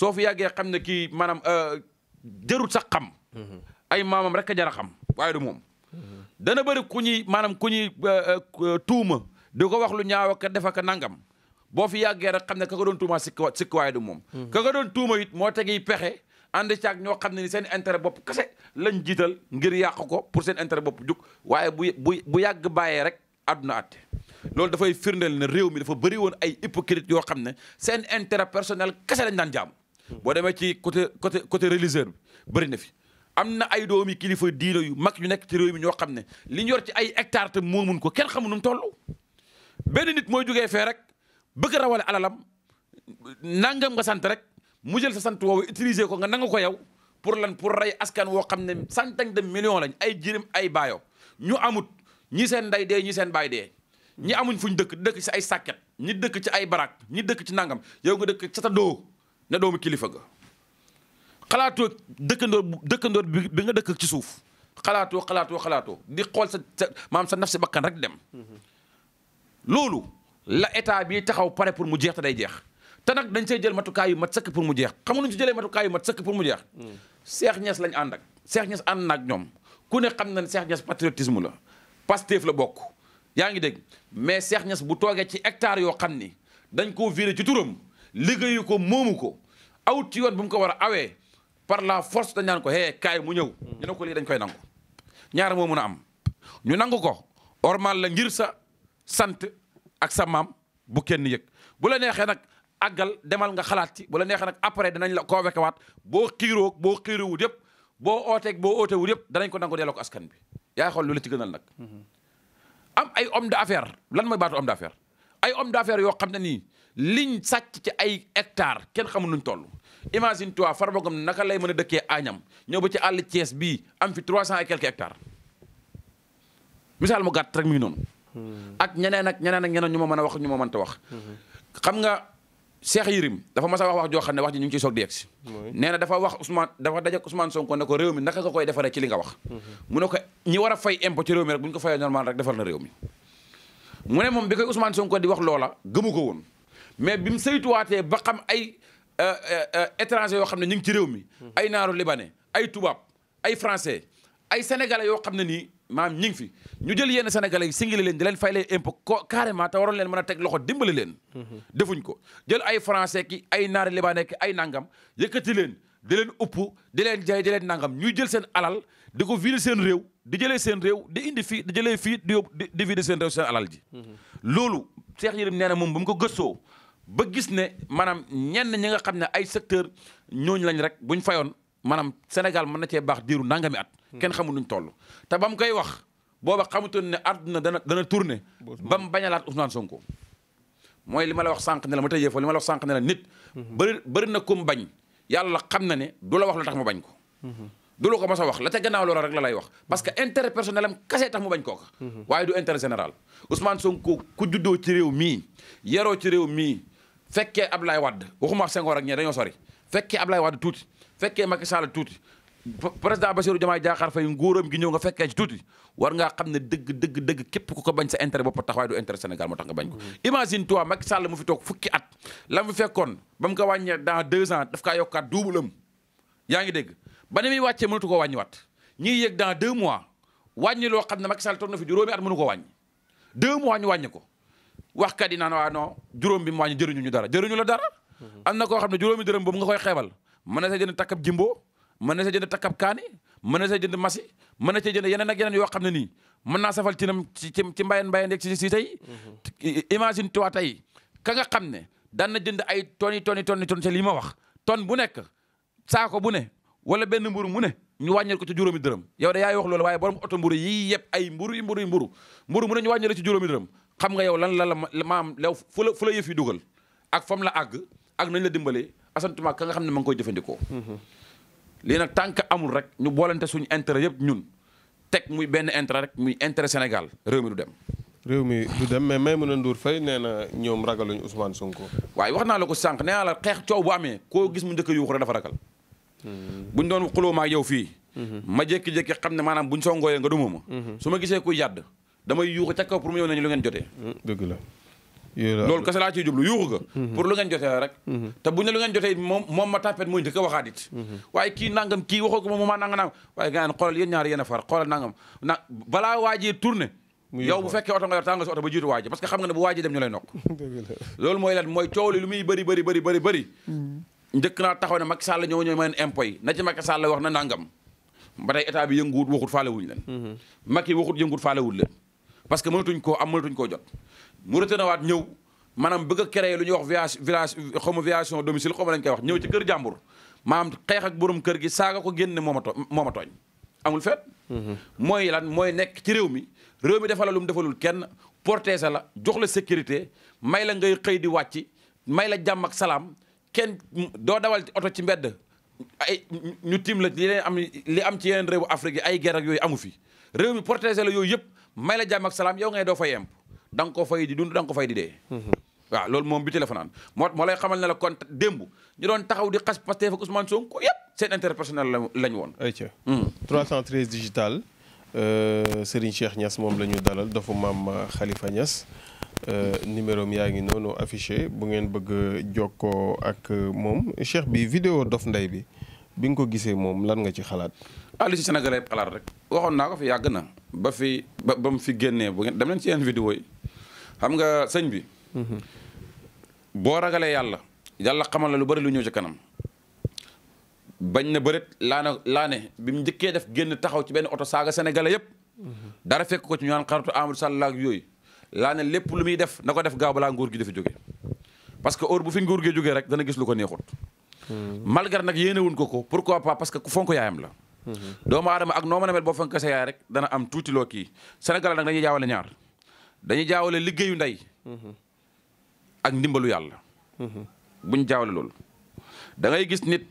soo fi yàggee xam ne kii maanaam euh, jërut sax xam. Mm-hmm. ay maamam rek a jar xam waaye du moom. dana bëri ku ñuy maanaam ku ñuy euh, euh, tuuma di ko wax lu ñaaw ak def ak nangam boo fi yàggee rek xam ne ka ko doon tuuma sikk sikk waaye du moom. Mm-hmm. ka ko doon tuuma it moo tegi pexe. ànd caag ñoo xam ne seen intérêt bopp kese lañ jiital ngir yàq ko pour seen intérêt bopp jug waaye bu bu bu yàgg bàyyee rek àdduna àtte loolu dafay firndeel ne réew mi dafa bëri woon ay hypocrite yoo xam ne seen intérêt personnel kese lañ daan jaam boo demee ci côté côté côté religieux bi bëri na fi am na ay doomi kilifa diina yu mag yu nekk ci réew mi ñoo xam ne li ñu yor ci ay hectare te mun ko kenn xamu nu mu toll benn nit mooy jógee fee rek bëgg rawale alalam nangam nga sant rek mu jël sa sant woowu utiliser ko nga nanga ko yow pour lan pour ray askan woo xam ne centaine de millions lañ ay jirim ay baayo ñu amut ñi seen nday dee ñi seen baay de ñi amuñ fu fuñ dëkk dëkk ci ay sàkket ñi dëkk ci ay barak ñi dëkk ci nangam yow nga dëkk ca ta doo na doomu kilifa ga xalaatoo dëkkandoor dëkkandoor bi nga dëkk ci suuf xalaatoo xalaatoo xalaatoo di xool sa sa maam sa naf si bakkan rek dem loolu la état bi taxaw pare pour mu jeex te day jeex te nag dañ see jël matukaay yu mat sëkk pour mu jeex xam nga nu ñu si matukaay yu mat sëkk pour mu jeex hmm. Cheikh lañ ànd ak Cheikh Niass ànd na ak ñoom ku ne xam na ne Cheikh Niass patriotisme la Pastef la bokk yaa ngi dégg mais Cheikh Niass bu toogee ci hectare yoo xam ni dañ koo viré ci turam liggéeyu ko moomu ko aw ci yoon bu mu ko war a awee par la force dañ naan ko hee kaay mu ñëw. ñu ne ko lii dañ koy nangu ñaar moo mun a am ñu nangu ko ormal la ngir sa sant ak sa maam bu kenn yëg bu la neexee nag àggal demal nga xalaat ci bu la neexee nag après danañ la convoqué waat boo xiiroo boo xiiroowul yëpp boo ooteeg boo ooteewul yëpp danañ ko nangu delloo ko askan bi yaa xool lu la ci gënal nag. Mhm. am ay homme d'affaires lan mooy baatu homme d'affaires ay homme yoo xam ne nii. liñ sàcc ci ay hectares kenn xamul nuñ toll imagine toi Farba Ngom naka lay mën a dëkkee Agnam ñëw ba ci àll Thiès bi am fi trois cent et quelques hectares misaal mu gàtt rek mi ngi hmm. ak ñeneen ak ñeneen ak ñeneen ñu ma mën a wax ñu ma mënta wax. Hmm. xam nga Cheikh Yirim dafa mas a wax wax joo xam ne wax ñu ngi ciy soog di wax Ousmane dafa daje ak Ousmane Sonko ne ko réew mi naka nga koy defaree ci li nga wax. Hmm. mu ko ñi a fay impôt ci réew mi rek bu ñu ko fayee normal rek defar mu ne moom bi koy Ousmane Sonko di wax loola gëmu ko woon mais bi mu saytuwaatee ba xam ay euh, euh, euh, étranger yoo xam ne ñu ngi ci réew mi. Mm-hmm. ay naaru libanais ay tubaab ay français ay sénégalais yoo xam ne nii maam ñu ngi fi ñu jël yenn sénégalais yi singile leen di leen fay leen impôt ko carrément te waroon leen mën a teg loxo dimbali leen. Mm-hmm. defuñ ko jël ay francais ki ay naari libanais ki ay nangam yëkkati leen di leen upp di leen jaay di leen nangam ñuy jël seen alal di ko vider seen réew di jëlee seen réew di indi fii di jëlee fii di yóbbu di vider seen réew seen alal ji. Mm-hmm. loolu Cheikh Yérim nee na moom ba mu ko gëstoo. ba gis ne maanaam ñenn ñi nga xam ne ay secteur ñooñu lañ rek buñ fayoon maanaam Sénégal mën na cee baax diiru nangami at. kenn xamul nuñ toll. te ba mu koy wax booba xamutoon ne àdduna dana dana tourné. ba mu bañalaat Ousmane Sonko. mooy li ma la wax sanq ne la ma tëjee foofu li ma la wax sànq ne la nit. Mhm. bëri bëri na kum bañ yàlla xam na ne du la wax lu tax mu bañ ko. Mhm. du la ko mos a wax la ca gannaaw loola rek la lay wax parce que intérêt personnel am kese tax mu bañ kooka. Mhm. waaye du intérêt général Ousmane Sonko ku juddoo ci réew mii yaroo ci réew mii. fekkee Abdoulaye Wade waxuma Senghor ak ñee dañoo sori fekkee Abdoulaye Wade tuuti fekkee Macky Sall tuuti président Bassirou Diomaye Diakhar Faye nguuram gi ñëw nga fekkee ci tuuti war ngaa xam ne dëgg dëgg dëgg képp ku ko bañ sa intérêt bopp taxawaay du intérêt Sénégal moo tax nga bañ ko mm-hmm. imagine toi Macky Sall mu fi toog fukki at la mu fekkoon ba ka ko daa dans deux ans ka kaa yokkaat double am yaa ngi dégg ba ni muy wàccee mënatu ko wàññiwaat ñiy yëg dans deux mois wàññi loo xam ne Macky Sall toog na fi juróomi at ko wàññi deux mois ñu wàññi ko waxkat yi naan waa non juróom bi mu wàññi jëriñu ñu dara jëruñu la dara mhm. am na koo xam ne juróomi dërëm boobu nga koy xeebal mën na sa jënd takkab jimbo mën na sa jënd takkab kaani mën na sa jënd masi mën na sa jënd yeneen ak yoo xam ne nii mën naa safal tinam ci ci ci mbayen mbayen rek ci si tey mhm. tey ka nga xam ne daan na jënd ay toni toni toni ton ci li ma wax ton bu nekk saako bu ne wala benn mburu mu ne ñu wàññil ko ci juróomi dërëm yow de yaay wax loolu waaye borom oto mburu yi yëpp ay mburu yi mburu yi mburu mburu mu ne ñu wàññil ci juróomi dërëm xam nga yow lan la la maam lew fu la fu la yëf yi dugal ak fam la àgg ak nañ la dimbalee asantuma ka nga xam ne ma ngi koy jëfandikoo. Mm-hmm. lii nag tànk amul rek ñu boolante suñu intérêt yëpp ñun teg muy benn intérêt rek muy intere Sénégal réew mi dem. réew mi du dem mais Maimouna Ndour Faye nee na ñoom ragaluñ Ousmane Sonko. waaye wax naa la ko sànq nee naa la xeex coow bu amee koo gis mu njëkk a yuuxu rek dafa ragal. Mm-hmm. ñu doon xuloo maa ak yow fii. Mm-hmm. ma jékki-jékki xam ne maanaam buñ songooyee nga duma ma. su ma gisee kuy yàdd damay yuuxu ca kaw pour mu ñëw nañu lu ngeen jotee hmm, dëgg la loolu jublu yuuxu ga hmm. pour lu ngeen jotee rek hmm. te bu ñu lu ngeen jotee moom moom ma tàppet muy njëkk a waxaat it waaye kii nangam kii waxoo ko moom maa nanga nangam waaye gars yi xoolal yéen ñaar yéen a far xoolal nangam na balaa waajee tourné yow bu fekkee oto nga yor tànga si oto ba jiitu waaji parce que xam nga ne bu waaji dem ñu lay nokk *laughs* loolu mooy lan mooy coow li lu muy bëri bëri bëri bëri bëri njëkk naa taxaw ne Macky Sall ñoo ñooy mayeen impôt yi na ci Macky Sall wax na nangam ba tey état bi yënguwut waxut faale wuñ leen Macky waxut yënguwut faale wuñ leen parce que mënatuñ koo am mënatuñ koo jot mu a waat ñëw maanaam bëgg a créer lu ñuy wax viage village xaw ma violation domicile xaw ma lañ koy wax ñëw ci kër jàmbur maam xeex ak kër gi saaga ko génne mooma tooñ mooma tooñ amul fet mhm. mooy lan mooy nekk ci réew mi réew mi defala la lu mu defalul kenn portese la jox la sécurité may la ngay xëy di wàcc may la jàmm ak salaam kenn doo dawal oto ci mbedd ay ñu tiim la li am li am ci yeneen réewu Afrique yi ay guerre yooyu amu fi réew mi portese la yooyu yëpp may la jàmm ak salaam yow ngay doo fa yemp da nga ko fay di dund da nga ko fay di dee mhm. waaw loolu moom bi téléphone am moo moo lay xamal na la kon démb ñu doon taxaw di xas Pastef ak Ousmane Sonko yëpp seen intérêt personnel lañ woon hmm. cent 313 digital euh, Serigne Cheikh Niass moom la dalal dofu maam xalifa euh, ñas euh, numéro am yaa ngi noonu affiché bu ngeen bëgg jokkoo ak moom Cheikh bi vidéo Dof ndey bi bi nga ko gisee moom lan nga ci xalaat ah li ci Sénégal rek waxoon naa ko fi yàgg na ba fi ba ba mu fi génnee bu ngeen dem leen ci yenn vidéo yi xam nga sëñ bi. boo ragalee yàlla yàlla xamal la lu bari lu ñëw ci kanam. bañ na bëreet laana laane bi mu njëkkee def génn taxaw ci benn oto saaga senegale yëpp. dara fekk ko ci ñu naan xaritu Amadou Sall ak yooyu. laane lépp lu muy def na ko def gaaw balaa nguur gi dafa jóge parce que heure bu fi nguur gee jógee rek dana gis lu ko neexut. Hmm. malgré nag yéene wuñ ko ko pourquoi pas parce que ku fonk yaayam la. doomu aadama ak noo mën a mel boo fonk sa rek dana am tuuti loo kii Sénégal nag dañuy jaawale ñaar dañuy jaawale liggéeyu ndey ak ndimbalu yàlla buñ jaawale loolu da ngay gis nit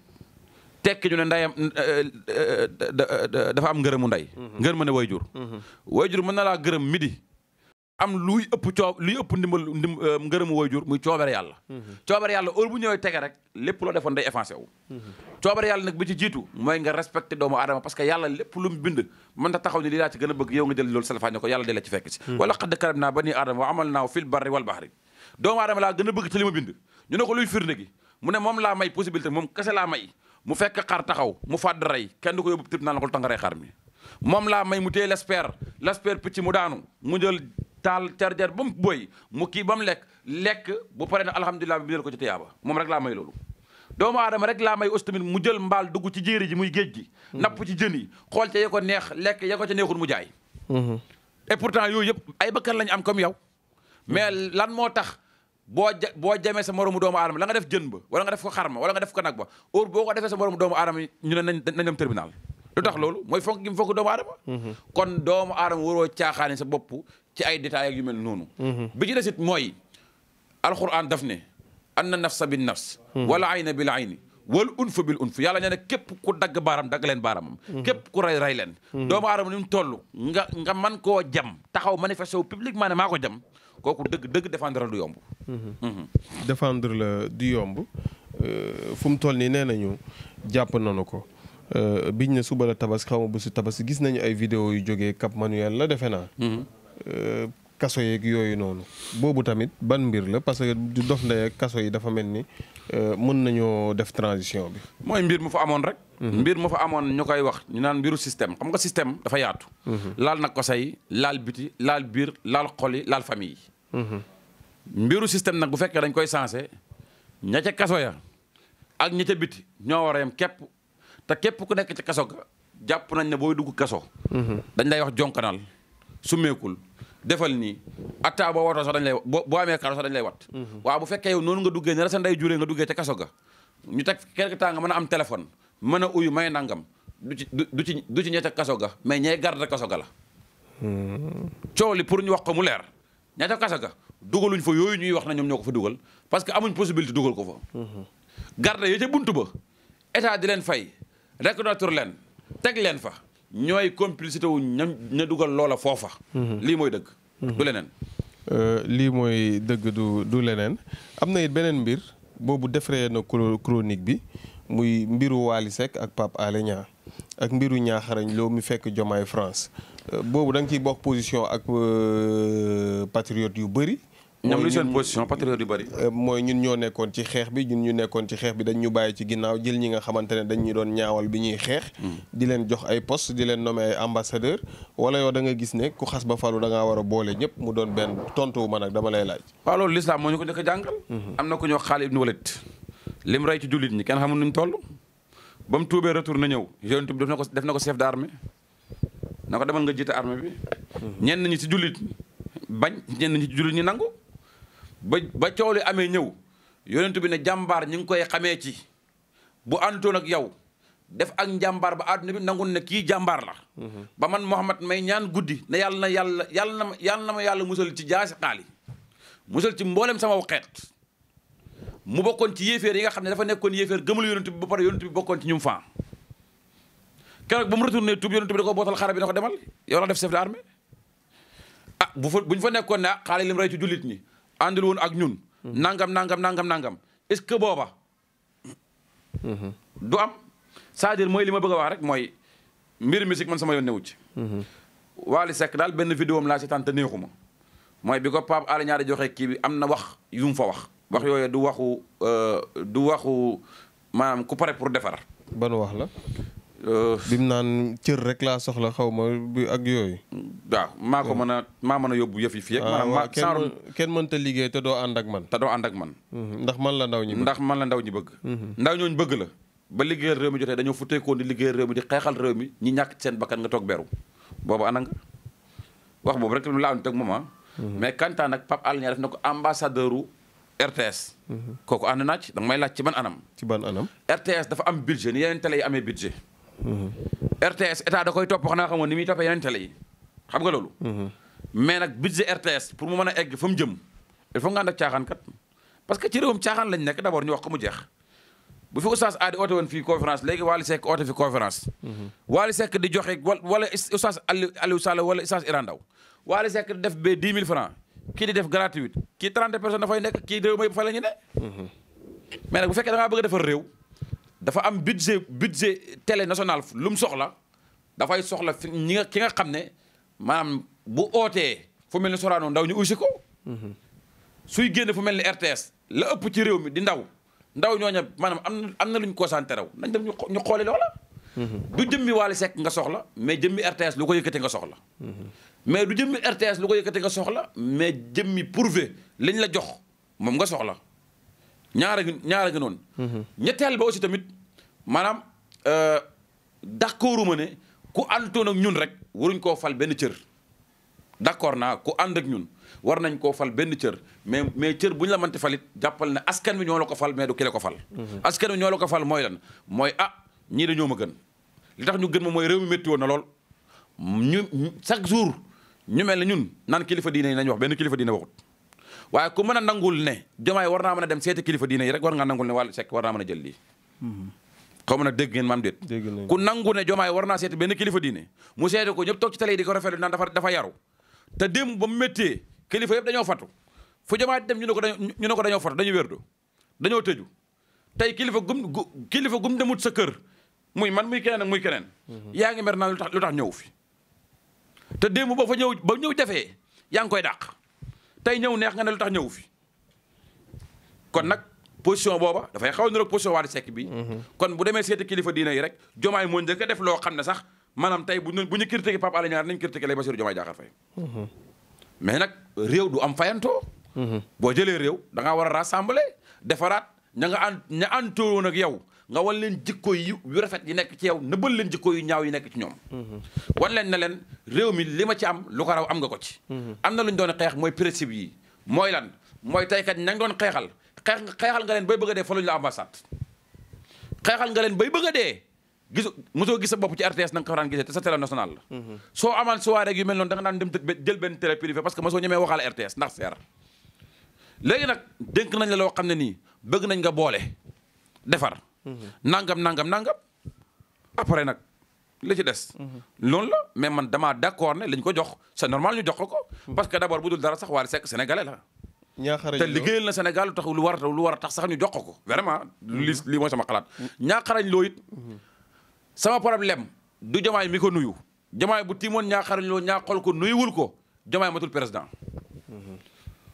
tekki ñu ne ndeyam eh, eh, eh, dafa am ngërëmu ndey mhm. ngërëm ne way jur mhm. way jur mën na laa gërëm midi am luy ëpp coo luy ëpp ndimbal ndim euh, ngërëmu waajur muy coobare yàlla mm-hmm. coobare yàlla heure bu ñëwee tege rek lépp loo defoon day effacé wu mm-hmm. yàlla nag bi ci jiitu mooy nga respecté doomu aadama parce que yàlla lépp lu mu bind mën taxaw ni lii laa ci a bëgg yow nga jël loolu salfaañe ko yàlla dee la ci fekk si mm-hmm. wala xadd karab naa bani aadama wa amal naa fil barri wal bahri doomu aadama laa gën bëgg ci li bind ñu ne ko luy firnde gi mu ne moom taal charger ba mu boy mu kii ba mu lekk lekk bu pare na alhamdulilah bi bindal ko ci tiyaaba moom rek laa may loolu doomu aadama rek laa may aussi tamit mu jël mbaal dugg ci jéeri ji muy géej gi napp ci jën yi xool ca ya ko neex lekk ya ko ca mu jaay mhm. pourtant yooyu yëpp ay bakkan lañu am comme yow mais lan moo tax boo ja boo jamee sa moromu doomu aadama la nga def jën ba wala nga def ko xar ma wala nga def ko nag ba heure boo ko defee sa moromu doomu aadama ñu ne nañ nañ dem tribunal lu tax loolu mooy fonk gi mu mhm. kon doomu aadama waroo caaxaane sa bopp ci ay détails ak yu mel noonu. Mhm. bi ci desit mooy alquran daf ne anna nafsa bin nafs. Mhm. wal ayna bil ayni wal unfa bil unf yàlla nee na képp ku dagg baaram dagg leen baaramam. Mhm. képp ku rey rey leen. doomu aadama ni mu toll nga nga man koo jam taxaw manifesté wu publiquement ne maa ko jam kooku dëgg dëgg defendre la du yomb. défendre la du yomb euh, fu mu toll nii nee nañu jàpp nañu ko. Euh, biñ ne suba la tabaski xaw ma bésu tabaski gis nañu ay vidéo yu jógee Cap Manuel la defe naa. Euh, kaso yeeg yooyu noonu boobu tamit ban mbir la parce que du dof ndey ak kaso yi dafa mel ni euh, mën nañoo def transition bi. mooy mbir mu fa amoon rek. Mhm. mbir mu fa amoon ñu koy wax ñu naan mbiru système xam nga système dafa yaatu. Mhm. laal nag ko say laal biti laal biir laal xol yi famille yi. Mhm. mbiru système nag bu fekkee dañ koy sensé ña kaso ya ak ña biti ñoo war a yem képp te képp ku nekk ci kaso ga jàpp nañ ne booy dugg kaso. dañ lay wax jonkanal sumeekul. defal nii atta boo watoo sax dañ lay boo boo amee karo sax dañ lay wat mhm. waaw bu fekkee yow noonu nga duggee ne sa ndey juree nga duggee ca kaso ga ñu teg quelque nga mën a am téléphone mën a uyu may nangam du ci du ci du ca kaso ga mais ñey garde kaso ga la hmm. coow li pour ñu wax ko mu leer ña ca kaso ga dugaluñ fa yooyu ñuy wax na ñoom ñoo ko fa dugal parce que amuñ possibilité dugal ko fa mhm. garde yo ca bunt ba état di leen fay reconnaitre leen teg leen fa ñooy complicité wu ñam ña dugal loola foofa. Mhm. lii mooy dëgg. Mhm. du leneen. Euh, lii mooy dëgg du du leneen am na it beneen mbir boobu defaree na chronique bi muy mbiru Waly Seck ak Pape Alé Niang ak mbiru ñaaxarañ loo mu fekk Jomaay France euh, boobu danga nga ciy bokk position ak euh, patriote yu bëri. ñoom lu seen position patriote yu bari. Euh, mooy ñun ñoo nekkoon ci xeex bi ñun ñu nekkoon ci xeex bi dañ ñu bàyyi ci ginnaaw jël ñi nga xamante ne dañ ñu doon ñaawal bi ñuy xeex. Hmm. di leen jox ay post di leen nommé ay ambassadeur wala yow da nga gis ne ku xas ba falu da ngaa war a boole ñëpp mu doon benn tontu ma nag dama lay laaj. waaw loolu lislaam moo ñu ko njëkk a jàngal. Hmm. am na ku ñuy wax Xaalid ibn Walid lim rey ci jullit ñi kenn xamul nu mu ba mu tuubee retour na ñëw yonent bi def na ko def na ko chef d'armée na ko demal nga jiite armée bi. Hmm. ñenn ñi ci jullit bañ ñenn ñi ci jullit ñi nangu ba ba coow li amee ñëw yonentu bi ne jàmbaar ñu ngi koy xamee ci bu àndutoon ak yow def ak njàmbaar ba àdduna bi nangun ne kii jàmbaar la mhm. ba man Mouhamad may ñaan guddi ne yàlla na yàlla yàlla na ma yàlla na ma yàlla musal ci jaasi xaali musal ci mboolem sama xeet mu bokkoon ci yéeféer yi nga xam ne dafa nekkoon yéeféer gëmul yonentu bi ba pare yonentu bi bokkoon ci ñum faam keroog ba mu retourné tuub yonentu bi da ko bootal xare bi na ko demal yoo la def chef d'armée ah, bu fa bu ñu fa nekkoon ne ah xaali lim rey ci àndul woon ak ñun. nangam nangam nangam nangam est-ce que booba. du am cest mooy li ma bëgg a wax rek mooy mbir musique man sama yoon newu ci. Wally sekk daal benn vidéo am laa seetaan te neexuma mooy bi ko Pape Alé Niang joxe kii bi am na wax yu mu fa wax. wax yooyu du waxu euh, du waxu maanaam ku pare pour defar. ban wax la. Euh, bi mu naan cër rek laa soxla xawma ma bi ak yooyu. waaw maa ko mën a maa mën a yóbbu yëf yi fii. Ah, maanaam ma kenn kenn mënta liggéey te doo ànd ak man. te doo ànd ak man. Mhm, ndax man la ndaw ñi bëgg ndax man la ndaw ñi bëgg. Mhm. ndaw ñooñu bëgg la. ba liggéeyal réew mi jotee dañoo futteekoon di liggéeyal réew mi di xeexal réew mi ñi ñàkk seen bakkan nga toog beru boobu ana wax boobu rek lu laa teg moom ah. mhm. mais kantaa nag Pape Alé def na ko ambassadeur u RTS. kooku ànd naa ci danga may laaj ci ban anam. ci ban anam RTS dafa am budget ni yeneen télé yi amee budget Mm-hmm. RTS état da koy topp xanaa xamoon ni muy toppee yeneen télé yi xam nga loolu. Mm-hmm. mais nag budget RTS pour mu mën a egg fa mu jëm il faut nga ànd caaxaan kat parce que ci réewum caaxaan lañ nekk d' ñu wax ko mu jeex. bu fi Oustaz Adi oote woon fii conférence léegi Waly Seck oote fi conférence. Mm-hmm. Waly Seck di joxe wala Oustaz Aliou Aliou Sall wala Oustaz Iran Ndaw Waly Seck di def ba 10 000 francs kii di def gratuite kii 30 personnes dafay nekk kii réew mi fa la ñu bu fekkee da dafa am budget budget télé national lu mu soxla dafay soxla fi ñi nga ki nga xam ne maanaam bu ootee fu mel ni Sorano ndaw ñu usi ko mhm. suy génn fu mel ni RTS la ëpp ci réew mi di ndaw ndaw ñooña maanaam am na am na lu ñu concentré nañ dem ñu xooli loola mhm. du jëmmi Wally Seck nga soxla mais jëmmi RTS lu ko yëkkati nga soxla mhm. mais du jëmmi RTS lu ko yëkkati soxla mais jëmmi prouvé liñ la jox moom nga soxla ñaara ñaara ngi noonu ñetteel ba aussi tamit maanaam euh, d'accordu ma ne ku àndoon ak ñun rek waruñ koo fal benn cër d'accord na ku ànd ak ñun war nañ koo fal benn cër mais mais cër bu ñu la mënti falit jàppal ne askan wi ñoo la ko fal mais du ki ko fal. Mhm. askan wi ñoo la ko fal mooy lan mooy ah ñii dañoo ma gën li tax ñu gën ma mooy réew mi métti na lool ñu chaque jour ñu mel ne ñun naan kilifa diine yi nañ wax benn kilifa diine waxut. waaye ku mën a nangul ne jomaay war naa mën a dem seeti kilifa diine yi rek war ngaa nangul ne wàllu war naa mën a jël lii. Mhm. xaw na nag dégg ngeen maam déet ku nangu ne jomaay war naa seeti benn kilifa diine mu seeti ko ñëpp toog ci télé yi di ko rafetlu naan dafa dafa yaru te démb ba mu méttee kilifa yëpp dañoo fatu fu jomaay dem ñu ne ko dañoo ñu ne ko dañoo fatu dañu dañoo tëju tey kilifa gum kilifa gum demut sa kër muy man muy keneen ak muy keneen mhm. yaa ngi mer naan lu tax lu tax ñëw fi démb ba ñëw ba ñëw jafee yaa ngi koy dàq tey ñëw neex nga ne lu tax ñëw fi kon nag position booba dafay xaw a niroog position Wally Seck bi kon bu demee seeti kilifa diina yi rek jomaay moo njëkk a def loo xam ne sax maanaam tey bu ñu bu ñu critiqué Pape Alé Niang nag réew du am fayantoo boo jëlee réew da war a rassembler defaraat ña nga an ña àntoon ak yow nga wan leen jikko yu yu rafet yi nekk ci yow nëbbal leen jikko yu ñaaw yi nekk ci ñoom wan leen ne leen réew mi li ma ci am lu ko raw am nga ko ci am na lu ñu doon xeex mooy principe yi mooy lan mooy tey kat ña nga doon xeexal xeex xeexal nga leen bay bëgg a dee faluñu la ambassade xeexal nga leen bay bëgg a dee gis mosoo gis sa bopp ci RTS na nga gisee te sa télé national la mhm. soo amaan soirée rek yu mel noonu daan dem jël benn télé parce que mosoo ñemee waxaale RTS ndax seer léegi nag denk nañ la loo xam ne nii bëgg nañ nga boole defar mhm. nangam nangam nangam après nag li ci des mhm. loolu la mais man damaa d'accord ne lañ ko jox c'est normal ñu jox ko ko parce que d'abord bu dul dara sax Wally Seck sénégalais ñaaxara te liggéeyal na Sénégal lu tax lu war a lu war a tax sax ñu jox ko vraiment mhm. li li mooy sama xalaat ñaaxarañ loo it mhm. sama lem du jamaay mi ko nuyu jamaay bu tiimoon ñaaxarañ loo ñaaxol ko nuyuwul ko jamaay matul président mhm.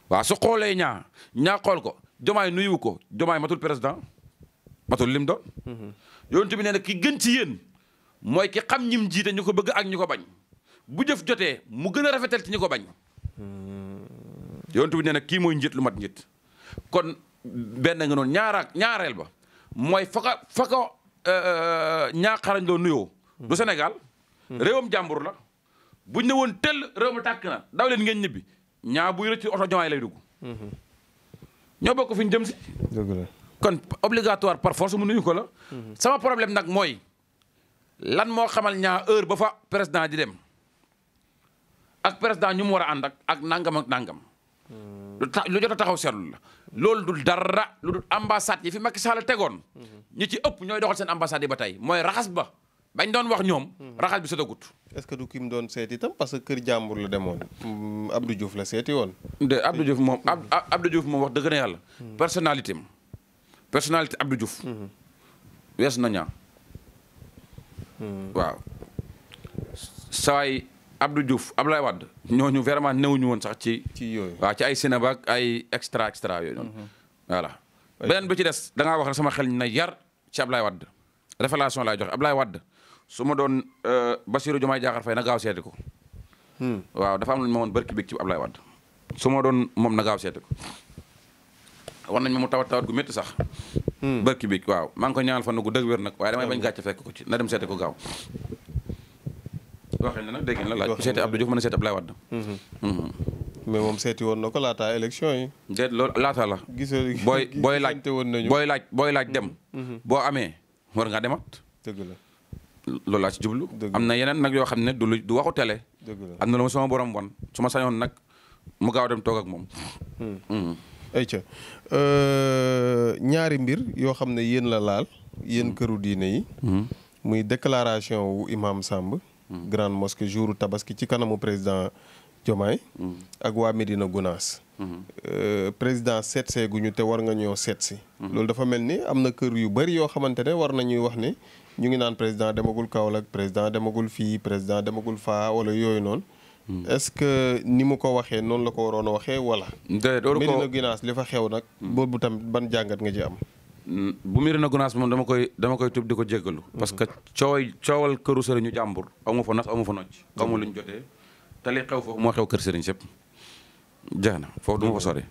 waaw su xoolee ñaa ñaaxol ko jamaay nuyuwu ko jamaay matul président matul lim doon yonent bi nee na ki gën ci yéen mooy ki xam ñim jiite ñu ko bëgg ak ñu ko bañ bu jëf jotee mu gën a rafetal ti ñu ko bañ yonent bi nee na kii mooy njit lu mat njit kon benn nga noonu ñaaraak ñaareel ba mooy fa ka fa ka euh, euh, ñaaxarañ loo nuyoo hmm. du Sénégal hmm. réewam jàmbur la buñ ne woon tëll réew ma tàkk na daw leen ngeen ñibbi ñaa buy rëcc oto jomaay lay dugg hmm. ñoo bokk fi ñu jëm si kon obligatoire par force mu nuyu ko la sama problème nag mooy lan moo xamal ñaa heure ba fa président di dem ak président ñu mu war a ànd ak ak nangam ak nangam lu jot a taxaw seetlu la loolu dul dara lu dul ambassade yi fi Macky Sall tegoon ñi ci ëpp ñooy doxal seen ambassade yi ba tey mooy raxas ba bañ doon wax ñoom raxas bi sotagut gut ce que du ki mu doon seeti tam parce que kër jàmbur la demoon mm, Abdou Diouf la seeti woon de Abdou Diouf moom Abdou Diouf moom wax dëgg na yàlla personnalité am personnalité Abdou Diouf wees na mm. waaw Abdou Diouf Abdoulaye Wade ñooñu vraiment newuñu woon sax ci. ci yooyu waaw ci ay cinéma ak ay extra extra yooyu noonu. Mhm. voilà beneen bi ci des da wax rek sama xel na yar ci Abdoulaye Wade révélation laay joxe Abdoulaye Wade su ma doon euh, Bassirou Diomaye Diakhar Faye na gaaw seeti ko. Hmm. waaw dafa am lu ñu ma woon barki ci Abdoulaye Wade su ma doon moom na gaaw seeti ko. war nañ ma mu tawat tawat gu metti sax. Hmm. barki bég waaw maa ngi ko ñaanal fan gu dëgg wér nag waaye damay bañ gàcce fekk ko ci na dem seeti ko gaaw. waxee na nag dégg na laaj ku seeti Abdou Diouf mën a seeti mm-hmm. Mm-hmm. mais moom seeti woon na ko laataa élection yi. déet loolu laata la. gisee booy *laughs* booy laaj booy laaj booy laaj dem. Mm-hmm. boo amee war ngaa demaat. dëgg la jublu. am na yeneen nag yoo xam ne du lu du waxu télé. dëgg la am na lu ma sama borom won su ma sañoon nag mu gaaw dem toog ak moom. Mm. Mm. ayca euh, ñaari mbir yoo xam ne yéen la laal yéen mm. këru diine yi. muy déclaration wu Imaam Samb. grande mosquée jouru tabaski ci kanamu président Diomaye ak waa Medina Gounass euh, président seetsee guñu te war nga ñoo seet si loolu dafa mel ni am na kër yu bëri yoo xamante ne war nañuy wax ni ñu ngi naan président demagul Kaolack président demagul fii président demagul faa wala yooyu noonu est-ce que ni mu ko waxee noonu la ko waroon a waxee wala Medina Gounass li fa xew nag hmm. boobu tamit ban jàngat nga ci am bu Médina Gounass moom dama koy dama koy tub di ko jéggalu parce que cooy coowal këru sëriñu jàmbur amu fa nas amu fa nocc xaw ma lu ñu jotee te li xew foofu moo xew kër sëriñ sëpp jeex na foofu du ma fa sori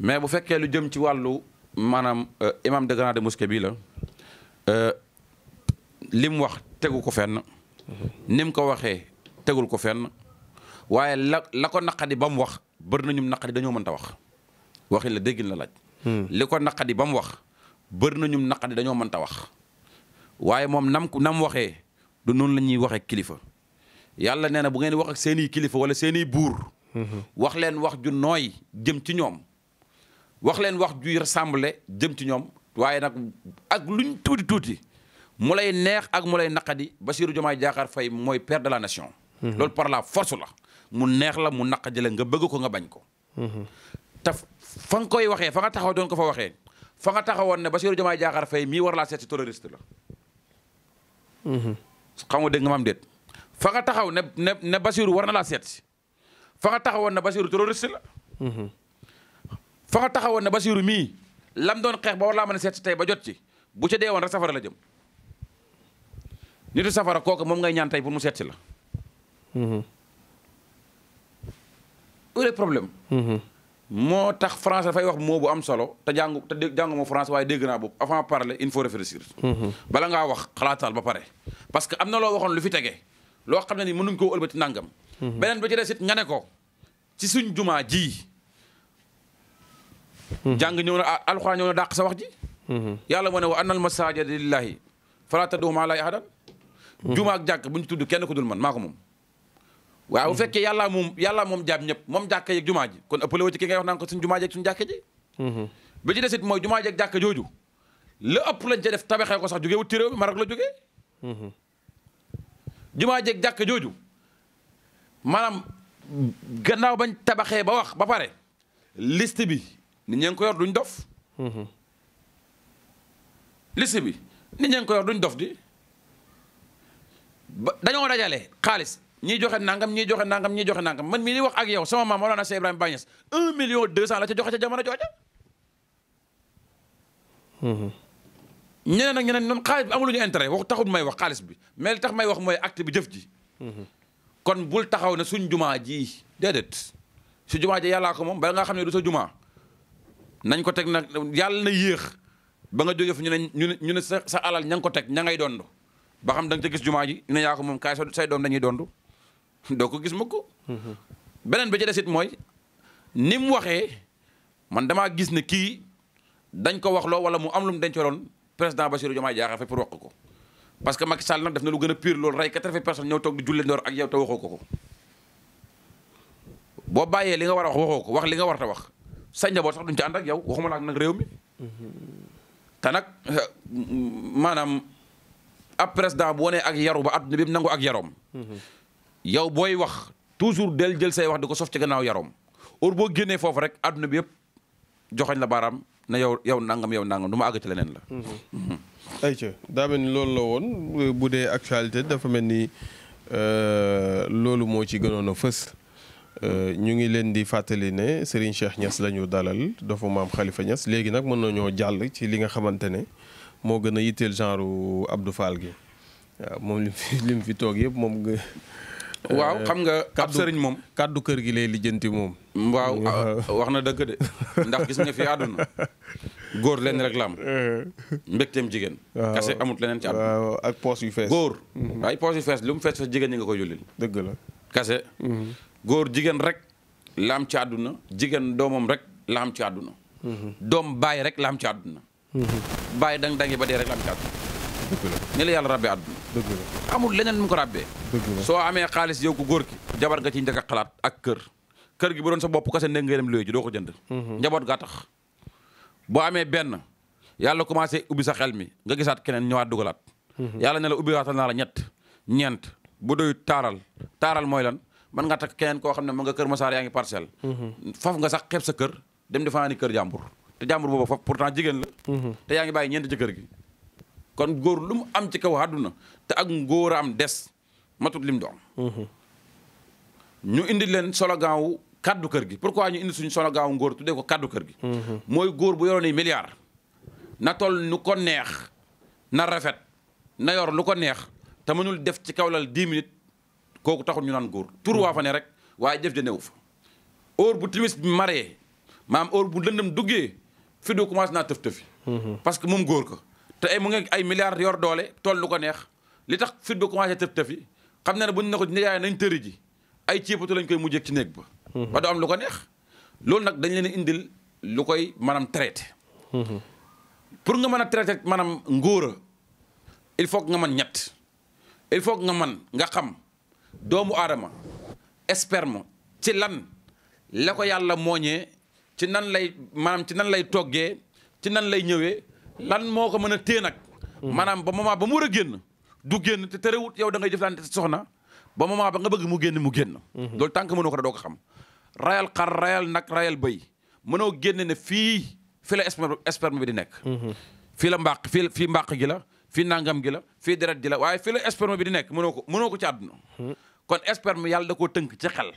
mais bu fekkee lu jëm ci wàllu maanaam euh, imam de grande mosquée bii euh, mu wax tegu ko fenn mhm. nim ko waxee tegul ko fenn waaye la la ko naqadi ba mu wax bëri nañum naqadi dañoo mënta wax waxi la déggin la laaj hmm. li ko naqadi ba mu wax bëri na ñum naqari dañoo mënta wax waaye moom nam ku nam waxee du noonu la ñuy waxee kilifa yàlla nee na bu ngeen wax ak seeni kilifa wala seeni buur. wax leen wax ju nooy jëm ci ñoom. wax leen wax ju rassemble jëm ci ñoom waaye nag ak luñ tuuti tuuti mu lay neex ak mu lay naqadi Bassirou Diomaye Diakhar fay mooy père de la nation. Mhm. loolu par la force la mu neex la mu naqadi la nga bëgg ko nga bañ ko. Mhm. te fa nga koy waxee fa nga taxaw doon ko fa waxee. fa taxawoon ne Bassirou Diomaye Diakhar Faye mii war laa seet si terroriste la. Mhm. xam nga dégg nga maam déet fa nga taxaw ne ne ne Bassirou war na laa seet si fa taxawoon ne Bassirou terroriste la. Mhm. fa taxawoon ne Bassirou mii lam doon xeex ba war laa mën a seet si tey ba jot ci bu ca dee woon rek safara la jëm. nitu safara kooku moom ngay ñaan tey pour mu seet si la. Mhm. où est problème. moo tax français fay wax moo bu am solo te jàngu te jàngu ma français waaye dégg naa boobu avant parler il faut réfléchir mhm. bala ngaa wax xalaataal ba pare parce que am na loo waxoon lu fi tege loo xam ne ni mënuñ ko ëlbati nangam mhm. beneen ba ci des it nga ne ko ci suñ jumaa ji mhm. jàng ñëw na alxuraan ñëw na dàq sa wax ji yàlla moo ne wa annal masaajida lillahi falaa tad'uu ma'a llaahi ahadan jumaa ak jàkk bu ñu tudd kenn ku dul man maa ko moom waaw bu hmm. fekkee yàlla moom yàlla moom jaam ñëpp moom jàkka yeeg jumaa ji kon ëppale woo ci ki ngay wax naan ko suñ jumaa ji ak suñu jàkka hmm. mooy jumaa ji ak jàkka jooju la ëpp lañ ca def tabaxee ko sax jógee wut ci réew mi Maroc la jógee hmm. jumaa ji ak jooju maanaam gannaaw bañ tabaxee ba wax ba pare list bi ni ñee ngi ko yor duñ dof liste bi nit ñee ko yor duñ dof di dañoo dajale xaalis ñii joxe nangam ñii joxe nangam ñii joxe nangam man mii di wax ak yow sama maam Mawlana Cheikh Ibrahima Bañes un million deux cent la ca joxe ca jamono jooja. Mm-hmm. ñeneen ak ñeneen ñoom xaalis bi ñu intere wax taxul may wax xaalis bi mais li tax may wax mooy acte jëf ji. Mm-hmm. kon bul taxaw ne suñ jumaa ji déedéet su jumaa ji yàllaa ko moom bala nga xam ne du sa jumaa nañ ko teg nag yàlla na yéex ba nga jógee fu ñu ne ñu ne sa sa alal ña nga ko teg ña ngay dond ba xam da nga jumaa ji ne yaa ko moom kaay say doom dañuy dond. *laughs* doo ko gis mukk beneen bi ci des mooy ni mu waxee man damaa gis ne kii dañ ko wax loo wala mu am lu mu dencoroon président Bassirou Diomaye Diakhar Faye pour wax ko parce que Macky Sall def na lu gën a pire loolu rey 80 personnes ñëw toog di julli ndoor ak yow te waxoo ko ko boo bàyyee li nga war a wax waxoo ko wax li nga war a wax sa njaboot sax duñ ci ànd ak yow waxuma la ak nag réew mi te nag maanaam ab président bu wonee ak yaru ba àdduna bi nangu ak yaroom yow booy wax toujours del jël say wax di ko sof ci gannaaw yaroom heure boo génnee foofu rek adduna bi yëpp joxañ la baaraam na yow yow nangam yow nangam du ma àgg ci leneen la. Mm-hmm. ayca daa mel ni loolu la woon bu dee actualité dafa mel ni euh, loolu moo ci gënoon a fës. Euh, ñu ngi leen di fàttali ne Serigne Cheikh Niass la ñu dalal dafa maam Khalifa Niass léegi nag mën nañoo jàll ci li nga xamante ne moo gën a yitteel genre Abdou Fall gi moom li fi fi toog yëpp moom. Euh, waaw xam nga ab sëriñ moom kàddu kër gi lay lijjanti moom waaw ah, *laughs* *laughs* wax na dëgg de ndax gis nga fi àdduna góor leen rek la am *laughs* mbégteem jigéen kase amut leneen ci àdduna ak poos yu fees góor mm-hmm. ay poos yu fees lu mu fees fa jigéen ñi nga ko jullil dëgg la kase mm-hmm. góor jigéen rek la am ci àdduna jigéen doomam rek la ci àdduna mm-hmm. doom bàyyi rek la ci àdduna bàyyi dang dangi ba dee rek la ci àdduna dëgg la ni la yàlla rabbee àdduna dëgg la amul leneen mu ko rabbee dëgg la soo amee xaalis yow ko góor ki jabar nga ci njëkk a xalaat ak kër kër gi bu doon sa bopp kase ne nga dem looy ji doo ko jënd mhm. njaboot gaa tax boo amee benn yàlla commencé ubbi sa xel mi nga gisaat keneen ñëwaat dugalaat mhm. yàlla ne la ubbi waatal naa la ñett ñeent bu doy taaral taaral mooy lan man nga takk keneen koo xam ne ma nga kër Masaar yaa ngi parcelle mhm. faf nga sax xeeb sa kër dem di fanaani kër kon góor lu mu am ci kaw àdduna te ak ngóoraam des matut lim doon. Mm-hmm. ñu indi leen solo wu kàddu kër gi pour pourquoi ñu indi suñu solo wu ngóor tuddee ko kàddu kër gi. Mm-hmm. mooy góor bu yoroon ay milliards. na toll nu ko neex na rafet na yor lu ko neex te mënul def ci kawlal dix minutes kooku taxul ñu naan góor tur waa fa ne rek waaye jëf ja fa. heure bu timis bi maree maam heure bu lëndëm duggee fi du commencé naa tëf tëfi. Mm-hmm. parce que moom góor ko. te ay mu ngi ay milliards yor doole tool lu ko neex li tax fit bi commencé tëf tëf yi xam na ne buñ ne ko nijaay nañ tëri ji ay ciipatu lañ koy mujjee ci néeg ba. Mhm. ba du am ko neex. loolu nag dañ leen indil lu koy maanaam traité. Mhm. pour nga mën a traité maanaam ngóora il faut nga mën ñett il faut nga man nga xam doomu aadama esperme ci lan la ko yàlla mooñee ci nan lay maanaam ci nan lay toggee ci nan lay ñëwee. lan moo ko mën a téye nag. maanaam ba moment ba mu war a génn du génn te terewut yow da ngay jëflante soxna ba moment ba nga bëgg mu génn mu génn. Mhm. loolu tànk mënoo ko da doo ko xam. rayal xar rayal nag rayal bay mënoo génn ne fii fi la sperme bi di nekk. Mhm. fii la mbaq fii fii mbaq gi la fii nangam gi la fii deret gi la waaye fii la sperme bi di nekk mënoo ko mënoo ko ci àdduna. Mhm. kon sperme yàlla da koo tënk ci xel.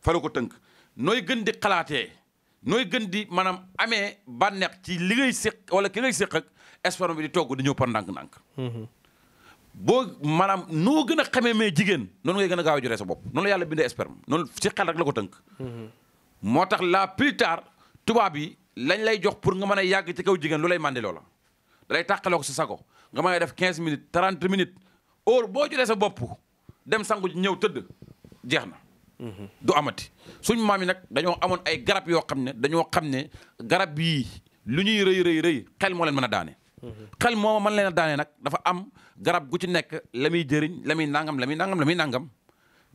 fa ko tënk nooy gën di xalaatee. nooy gën di maanaam amee bànneex ci li ngay séq wala ki ngay séq ak bi di togg di ñëw par ndànk-ndànk mhm. boo maanaam noo gën a xamee mais jigéen noonu ngay gën a gaaw a sa bopp noonu la yàlla bindee sperme noonu ci xel rek la ko tënk mhm. moo tax la plus tard tubaab yi lañ lay jox pour nga mën a yàgg ci kaw jigéen lu lay màndi loola da lay tàqaloo ko sa sago nga mën a def quinze minutes trente minutes heure boo juree sa bopp dem sangu ñëw tëdd jeex na du amati suñ maam yi nag dañoo amoon ay garab yoo xam ne dañoo xam ne garab yii lu ñuy rëy rëy rëy xel moo leen mën a daane. xel moo mën leen a daane nag dafa am garab gu ci nekk la muy jëriñ la muy nangam la muy nangam la muy nangam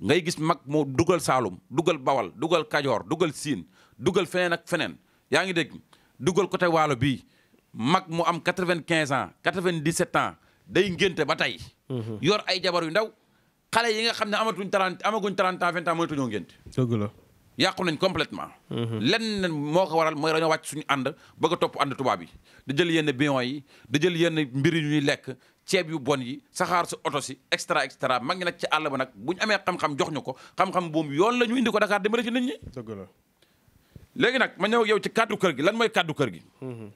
ngay gis mag moo dugal Saalum dugal Bawal dugal Kajoor dugal Siin dugal feneen nag feneen yaa ngi dégg dugal côté Waalo bii mag mu am quatre-vingt-quinze ans quatre-vingt-dix-sept ans day ngénte ba tey. Mhm. yor ay jabar yu ndaw. xale yi nga xam ne amatuñ 30 amaguñ 30 ans 20 ans mënatuñoo ngént dëgg la yàqu nañ complètement mhm. lenn moo ko waral mooy dañoo wàcc suñu ànd bëgg a topp ànd tubaab yi da jël yenn bion yi da jël yenn mbir yu ñuy lekk ceeb yu bon yi saxaar su oto si extra extra mag ñi nag ci àll ba nag bu ñu amee xam-xam jox ñu ko xam-xam boobu yoon la ñu indi ko Dakar dimbale ci nit ñi dëgg la léegi nag ma ñëw yow ci kaddu kër gi lan mooy kaddu kër gi mhm.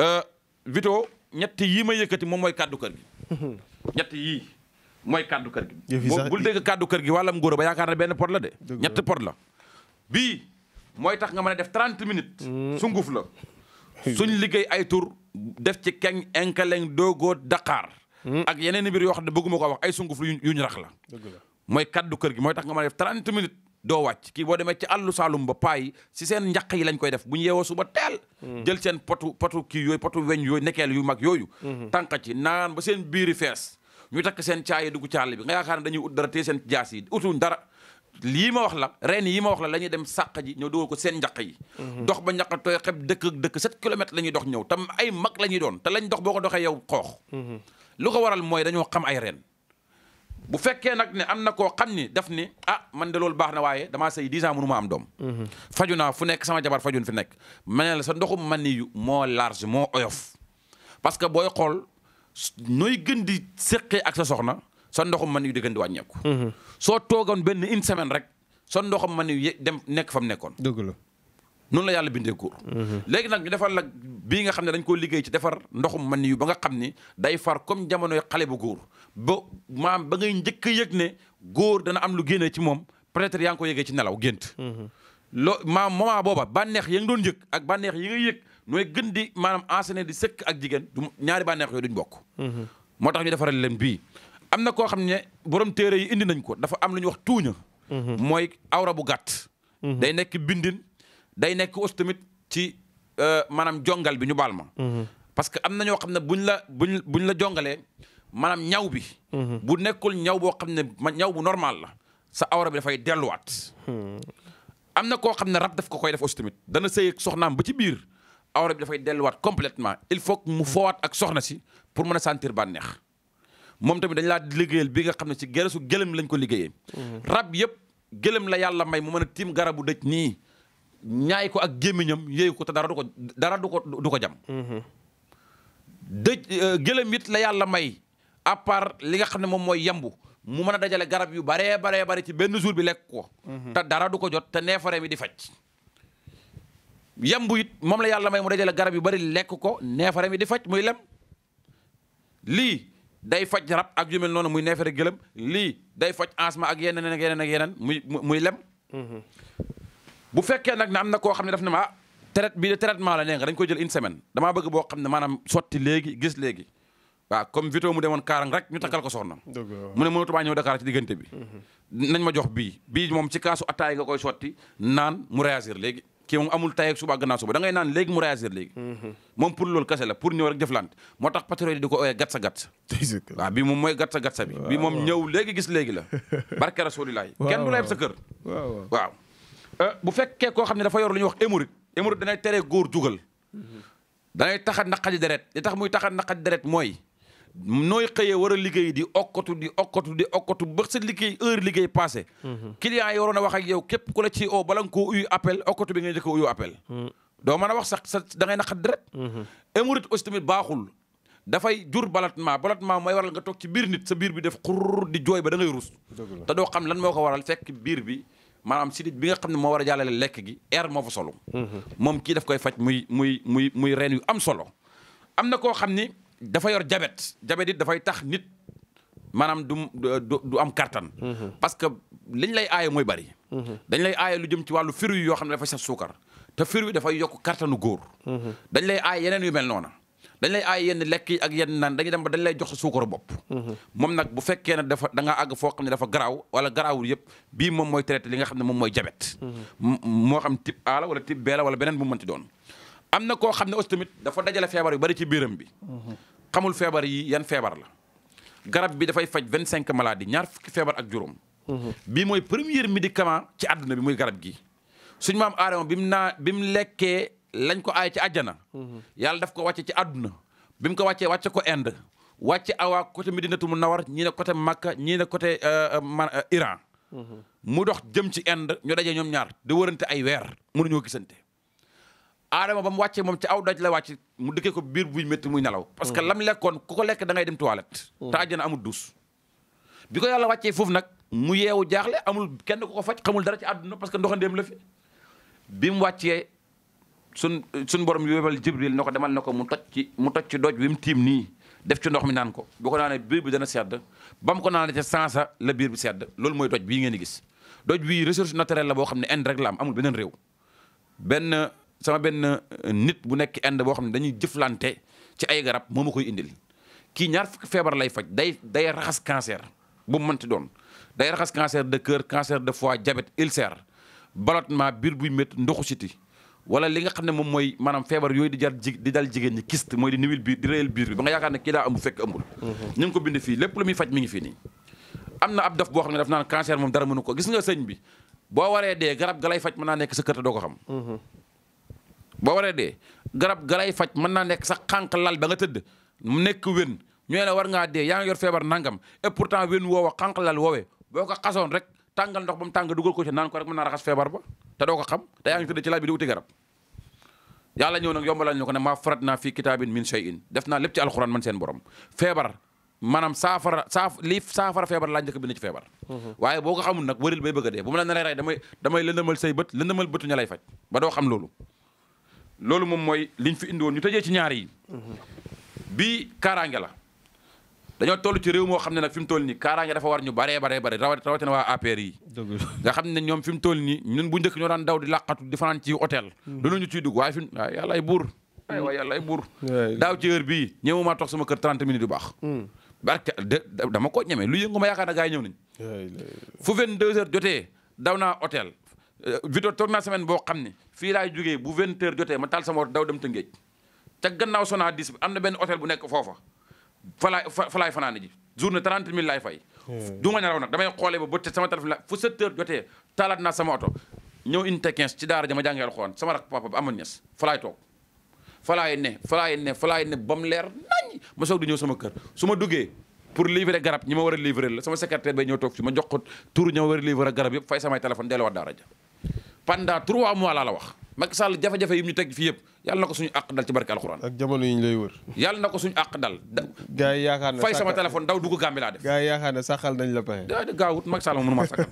euh, Vito ñett yii ma yëkkati moom mooy kaddu kër mooy kàddu kër gi. bul dégg kàddu kër gi wàllam ngóora ba yaakaar na benn pot la de. ñett pot la bii mooy tax nga mën a def 30 minutes. Mm. sunguf la *laughs* suñ liggéey ay tur def ci keng enkaleng doogoo daqaar mm. ak yeneen i mbir yoo xam ne bëgguma ko wax ay sunguf lu yuñ rax la. mooy kaddu kër gi mooy tax nga ma a def 30 minutes doo wàcc kii boo demee ci àllu Saalum ba paa si seen njaq yi lañ koy def bu ñu yeewoo suba teel. Mm. jël seen potu potu kii yooyu potu weñ yooyu nekkeel yu mag yooyu. Mm-hmm. tànq ci naan ba seen biiri fees. ñu takk seen caay dugg caal bi nga dañuy ut dara téye seen jaas utuñ dara lii ma wax la reen yi ma wax la la ñuy dem sàq ji ñoo ko seen njaq yi mhm. dox ba njaq tooy xeb dëkk ak dëkk sept la ñuy dox ñëw tam ay mag la ñuy doon te lañ dox boo ko doxee yow xoox mhm. lu ko waral mooy dañoo xam ay reen bu fekkee nag ne am na koo xam ni daf ni ah man de lool baax na waaye damaa sëy dix ans mënu ma am doom mhm. faju naa fu nekk sama jabar fajun fi nekk ma ne sa ndoxum man yu moo large moo oyof parce nooy gën di seqee ak sa soxna sa ndoxam man yu di gën di wàññeeku. Mm-hmm. soo toogoon benn une semaine rek sa ndoxam man yu dem nekk fa mu nekkoon. dëgg la noonu yàlla bindee góor. Mm-hmm. léegi nag ñu defal la bii nga xam ne dañ koo liggéey ci defar ndoxum man yu ba nga xam ni day far comme jamonoy xale bu góor ba maam ba ngay njëkk yëg ne góor dana am lu génnee ci moom peut-être yaa ngi ko yëgee ci nelaw gént. Mm-hmm. loo maam moment booba bànneex ya nga doon yëg ak bànneex yëg. nooy gën di maanaam enseigné di sëkk ak jigéen du ñaari bànneex yooyu duñ bokk moo tax ñu defaral leen bii am na koo xam ne borom téere yi indi nañ ko dafa am lu ñuy wax tuuña mooy awra bu gàtt day nekk bindin day nekk aussi tamit ci euh, maanaam jongal bi ñu baal ma que am na ñoo xam ne buñ la buñ buñ la jongalee maanaam ñaw bi bu nekkul ñaw boo xam ne ma ñaw bu normal la sa awra bi dafay delluwaat hmm. am na koo xam ne rab def ko koy def aussi tamit dana sëy soxnaam ba ci biir awra bi dafay delluwaat complètement il faut mu foowaat ak soxna si pour mën a sentir bànneex moom tamit dañ laa liggéeyal bi nga xam ne si geresu gëlëm lañ ko liggéeyee. Mhm. rab yëpp gëlëm la yàlla may mu mën a tiim garabu dëj nii ñaay ko ak gémmiñam yéeyu ko te ko dara du ko du ko jam. Mhm. dëj euh, la yàlla may à part li nga xam ne moom mooy yambu. mu mën a dajale garab yu baree baree bari ci benn jour bi lekk ko. Mhm. te dara du ko jot te neefare mi di faj. yambu it moom la yàlla may mu dajale garab yu bari lekk ko neefare mi di faj muy lem lii day faj rab ak yu mel noonu muy neefere gëlëm lii day faj asma ak yeneen ak yeneen ak yeneen muy muy lem. Mhm. bu fekkee nag na am na koo xam ne daf ne ma ah, traite bii de traitement la nee nga dañ koy jël une semaine dama bëgg boo xam ne maanaam sotti léegi gis léegi waaw comme Vito mu demoon Kaarang rek ñu takkal ko soxna. mu ne mënatumaa ñëw Dakar ci diggante bi. Mhm. nañ ma jox bii bii moom ci kaasu attaay nga koy sotti naan mu réagir léegi. ki moom amul tay ak suba gannaaw suba da ngay naan léegi mu réagir léegi mhm. moom pour loolu kese la pour ñëw rek jëflante moo tax patriote yi di ko ooyee gatsa gatsa waaw bii moom mooy gatsa gatsa bi bii moom ñëw léegi gis léegi la *laughs* barke rasulilaay kenn du la yeb sa kër waaw euh, bu fekkee koo xam ne dafa yor lu ñuy wax émurit émurit danay teree góor jugal mhm. danay taxa naqadi deret li tax muy taxa naqadi deret mooy nooy xëyee war liggéey di okkatu di okkatu di okkatu ba sa liggéey heure liggéey passé mhm. client yi waroon a wax ak yow képp ku la ci oo bala nga koo uyu appel okkatu bi ngay njëkk a uyu appel mhm. doo mën a wax sa da ngay naqat deret mhm. émorite aussi tamit baaxul dafay jur ballottement ballottement mooy waral nga toog ci biir nit sa biir bi def xurr di jooy ba da ngay rus te doo xam lan moo ko waral fekk biir bi maanaam sidit bi nga xam ne moo war a jàllale lekk gi air moo fa solo moom kii daf koy faj dafa yor jabet jabet it dafay tax nit maanaam du du am kartan mhm. parce que liñ lay aaye mooy bari. Mhm. dañ lay aaye lu jëm ci wàllu fir yi yoo xam ne dafa saf suukar te fir wi dafay yokk kartanu góor. Mhm. dañ lay aaye yeneen yu mel noona dañ lay aay yenn lekk yi ak yenn naan dañuy dem ba dañ lay jox sa suukaru bopp. moom nag bu fekkee ne dafa da ngaa àgg foo xam ne dafa garaaw wala garaawul yëpp bii moom mooy traité li nga xam ne moom mooy jabet. A la wala type B la wala beneen bu mu mënti doon. na koo xam ne aussi tamit dafa dajale feebar yu bari ci biiram bi. xamul feebar yi yan feebar la garab bi dafay faj vingt cinq maladies ñaar fukki feebar ak juróom. bii mooy premier médicament ci adduna bi muy garab gi. suñ maam aadama bi mu naa bi mu lekkee lañ ko aay ci àjjana. yàlla def ko wàcce ci àdduna. bi ko wàccee wàcce ko Inde. wàcce awaa côté Medinatu Munawwar ñii ne côté Makka ñii ne côté euh, euh, euh, Iran. Mhm. mu dox jëm ci Inde ñu daje ñoom ñaar di wërante ay weer mënuñoo gisante. aadama ba mu wàccee moom ci aw daj la wàcc mu dëkkee ko biir buy métti muy nelaw parce que mm-hmm. lam lekkoon ku ko lekk da ngay dem toilette mm-hmm. te àjjana amul duus bi ko yàlla wàccee foofu nag mu yeewu jaaxle amul kenn ku ko faj xamul dara ci àdduna parce que ndoxandeem la fi bi mu wàccee sun suñ borom yóbbal jibril na ko demal na ko mu toj ci mu toj ci doj bi mu tiim nii def ci ndox mi naan ko bu ko naanee biir bi dana sedd ba mu ko naanee ca sansa la biir bi sedd loolu mooy doj bii ngeen di gis doj bii ressource naturelle la boo xam ne Inde rek la am amul beneen réew sama benn euh, nit bu nekk Inde boo xam ne dañuy jëflante ci ay garab moom ma koy indil kii ñaar fukki feebar lay faj day day raxas cancer bu mu mënti doon day raxas cancer de cœur cancer de foie diabète ulcère ballottement biir buy métti ndoxu siti li nga xam ne moom mooy maanaam feebar yooyu di jar di dal jigéen ñi kyste mooy di niwil biir di réyal biir bi ba nga yaakaar ne kii daa ëmb fekk ëmbul ñu mhm. ngi ko bind fii lépp lu muy faj mi ngi fii nii am na ab daf boo xam ne daf naan ga lay faj mën naa nekk sa kër te doo ko xam mhm. boo waree dee garab galay faj mën naa nekk sax xànq lal ba nga tëdd mu nekk wen ñoo ne war ngaa dee yaa ngi yor feebar nangam et pourtant wen woowa xànq lal woowe boo ko xasoon rek tàngal ndox ba mu tàng dugal ko ci naan ko rek mën naa raxas ba te doo ko xam te yaa ngi tëdd ci lal bi di wuti garab yàlla ñëw nag yombalal ñu ko ne maa farat naa fii kitaabin min shay'in def naa lépp ci alxuraan man seen borom feebar saafara saaf lii saafara feebar laa njëkk bind ci mhm. boo ko xamul nag wëril bay bëgg a dee bu ma la naree rey damay damay lëndëmal say bët lëndëmal bëtu ña lay faj ba doo xam loolu loolu moom mooy liñ fi indi ñu tëjee ci ñaar yi. bii kaaraange la dañoo tollu ci réew moo xam ne nag fi mu toll nii kaaraange dafa war ñu baree baree bare rawatina waa APR yi. nga xam ne ñoom fi mu toll nii ñun bu njëkk ñoo daan daw di làqatu di fanaan ci hôtel. Hmm. dinañu ñu ciy dugg waaye fi mu yàlla ay buur. Hmm. ay waay buur. daaw ci heure bii ñëwuma toog sama kër 30 minutes yu baax. Hmm. barke dama ko ñeme lu yëngu ma yaakaar ne gars yi ñëw nañ fu 22 heures jotee daw naa hôtel. Euh, vidéo toog naa semaine boo xam ne fii laay jógee bu 20 heures jotee ma taal sama oto daw dem Tëngéej te gannaaw Sonadis bi am na benn hôtel bu nekk foofa fa laay fa laay fanaan ji journée 30 000 laay fay. Hmm. du ma nelaw na damay xoolee ba bët sama téléphone la fu 7 heures jotee taalaat naa sama oto ñëw unité 15 ci daara ja ma jàngee alxuraan sama rak papa ba amoon ñes fa laay ne fa laay ne fa laay ne leer naññ ma soog di ñëw sama kër su ma duggee. pour livrer garab ñi ma war a livrer la sama secrétaire bay ñëw toog fi ma jox ko tur ñi ma war a livrer garab yëpp fay samay téléphone pendant trois mois laa a wax Macky Sall jafe-jafe yi mu teg fii yëpp yàlla na ko suñu àq dal ci barke alxuraan. ak na fay sama téléphone daw dugg Gambie laa def. gars yi yaakaar ne saxal nañ la pexe. daa di gaawut Macky Sall ma mënu maa saxal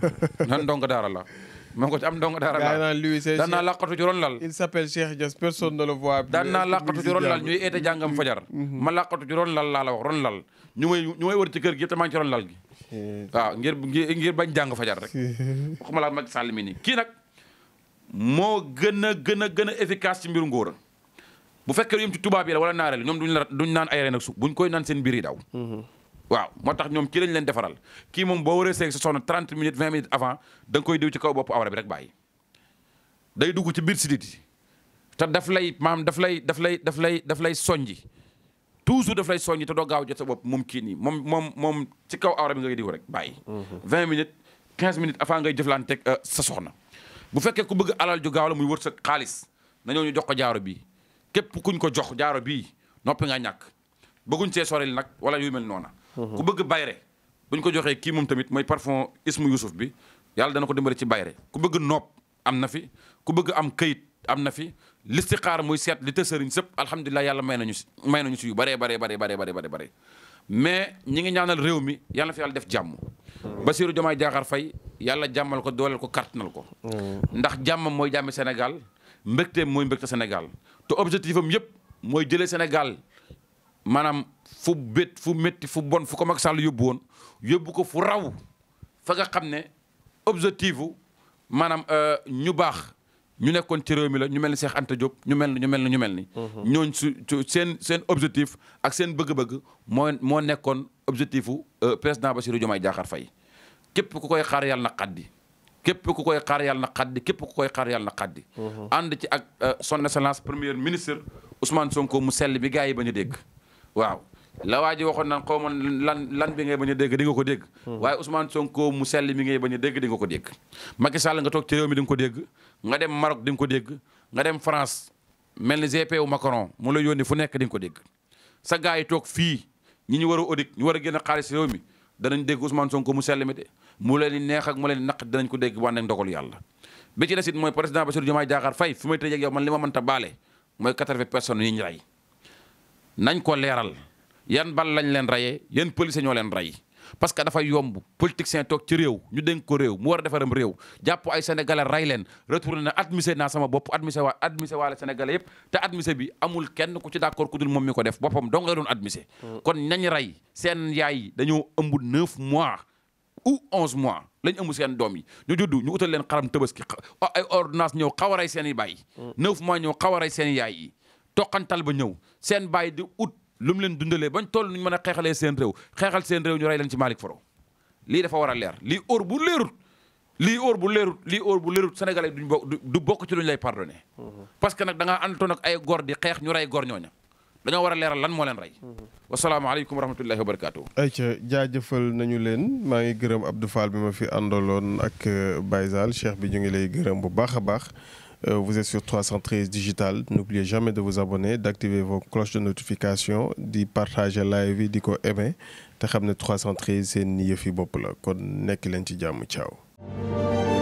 ma *laughs* ko ci am ndongo daara la daan naa laqatu ci ron lal. il s'appelle Cheikh Dias personne ne le voit. daan naa laqatu ci ron lal ñuy eete jàngam fajar. Mhm. ma laqatu ci ron lal laa la wax ron lal ñu may ñu may wër ci kër ngi ci ron lal gi. waaw ngir fajar rek *laughs* waxuma la Macky Sall mi nii moo gën a gën a gën a efficace ci mbiru ngóora bu fekkee yem ci tubaab yi la wala naareel ñoom duñ la duñ naan ay reen ak suuf buñ koy naan seen biir yi daw. Mm-hmm. waaw moo tax ñoom ci lañ leen defaral kii moom boo waree seeg sa soxna 30 minutes 20 minutes avant da nga koy diw ci kaw bopp awra rek bàyyi. day dugg ci biir sidit yi te daf lay maam daf lay daf lay daf lay daf lay soñji toujours daf lay soñji ta doo gaaw jot sa bopp moom kii nii moom moom moom ci kaw awra bi nga diw rek bàyyi. 20 mm-hmm. minutes quinze minutes avant ngay jëflanteeg euh, sa soxna. bu fekkee ku bëgg alal ju gaaw la muy wërsëg xaalis nañoo ñu jox ko jaaro bi képp ku ñu ko jox jaaro bii noppi nga ñàkk bëgguñ see soril nag wala yu mel noona mhm. ku bëgg bayre buñ ko joxee kii moom tamit mooy parfum ismu yusuf bi yàlla dana ko dimbale ci bayre ku bëgg nopp am na fi ku bëgg am kayit am na fi listixaar muy seet li te sëriñ sëpp alhamdulilah yàlla may nañu si may nañu si yu baree baree baree baree baree baree mais ñi ngi ñaanal réew mi yàlla na fi yàlla def jàmm. Bassirou Diomaye Diakhar fay yàlla jàmmal ko dooleel ko kàttanal ko. Mm. ndax jàmm mooy jàmm Sénégal mbégteem mooy mbégte Sénégal te objectif am yëpp mooy jëlee Sénégal maanaam fu bét fu métti fu bon fu ko Macky Sall yóbbu woon yóbbu ko fu raw fa nga xam ne objectif maanaam euh, ñu baax. ñu nekkoon ci réew mi la ñu mel ni Cheikh Anta Diop ñu mel ni ñu mel ni ñu mel ni mhm. ñooñ su seen seen objectif ak seen bëgg-bëgg moo moo nekkoon objectif u euh, président Bassirou Diomaye Diakhar Faye képp ku koy xaar yàlla na képp ku koy xaar yàlla na xaddi képp ku koy xaar yàlla na xaddi mhm. ànd ci ak euh, son excellence premier ministre Ousmane Sonko mu sell bi gars yi ba ñu dégg waaw la waa ji waxoon naan xaw ma lan lan bi ngay bañ a dégg di nga ko dégg hmm. waaye Ousmane Sonko mu sell mi ngay bañ a dégg di nga ko dégg Macky Sall nga toog ko dégg nga dem Maroc ko dégg nga dem France mel ni GP wu Macron mu la yónni fu nekk di ko dégg sa gaa yi toog fii ñi ñu war a ñu war a génn xaalis réew mi danañ dégg Ousmane Sonko mu sell mi de mu leen di neex ak mu leen di naq danañ ko dégg wan nag ndogalu yàlla bi ci des it mooy président Bassirou Diomaye Diakhar fay fi may tëjee ak yow man li ma mënta baale mooy 80 personnes yi ñu rey nañ ko leeral yan bal leen rayee yan police ñoo leen ray parce que dafa yomb politicien toog ci réew ñu dénk ko réew mu war a defaram réew jàpp ay sénégalais ray leen retourné na naa sama bopp admissé waale sénégalais yëpp te admissé bi amul kenn ku ci d'accord ku dul moom mi ko def boppam dong la doon admissé hmm. kon nañ rey seen yaay dañoo ëmb neuf mois ou onze mois lañ ëmb seen doom yi ñu judd ñu utal leen xaram tabaski ay ordonnance ñëw xaw a rey seen i baay hmm. neuf mois ñëw xaw a seen yaay yi toqantal lu mu leen dundalee bañ toll nuñ mën a xeexalee seen réew xeexal seen réew ñu rey leen ci Malick Faro lii dafa war a leer lii óor bu leerut lii óor bu leerut lii óor bu leerut sénégalais duñ bokk du bokk ci lu ñu lay pardonné mhm. parce que nag da ngaa àndatoon ay góor di xeex ñu rey góor ñooña dañoo war a leeral lan moo leen rey mhm. wasalaamaaleykum wa rahmatullahi wa barakatuh ayca jaajëfal nañu leen maa ngi gërëm Abdou Fall bi ma fi àndaloon ak euh, Baye Cheikh bi ñu ngi lay gërëm bu baax a baax Euh, vous êtes sur 313 Digital n'oubliez jamais de vous abonner d'activer vos cloches de notification di partager live yi di ko aimer te xam ne 313 seen yëfi bopp la kon nekk leen ci jàmm ciao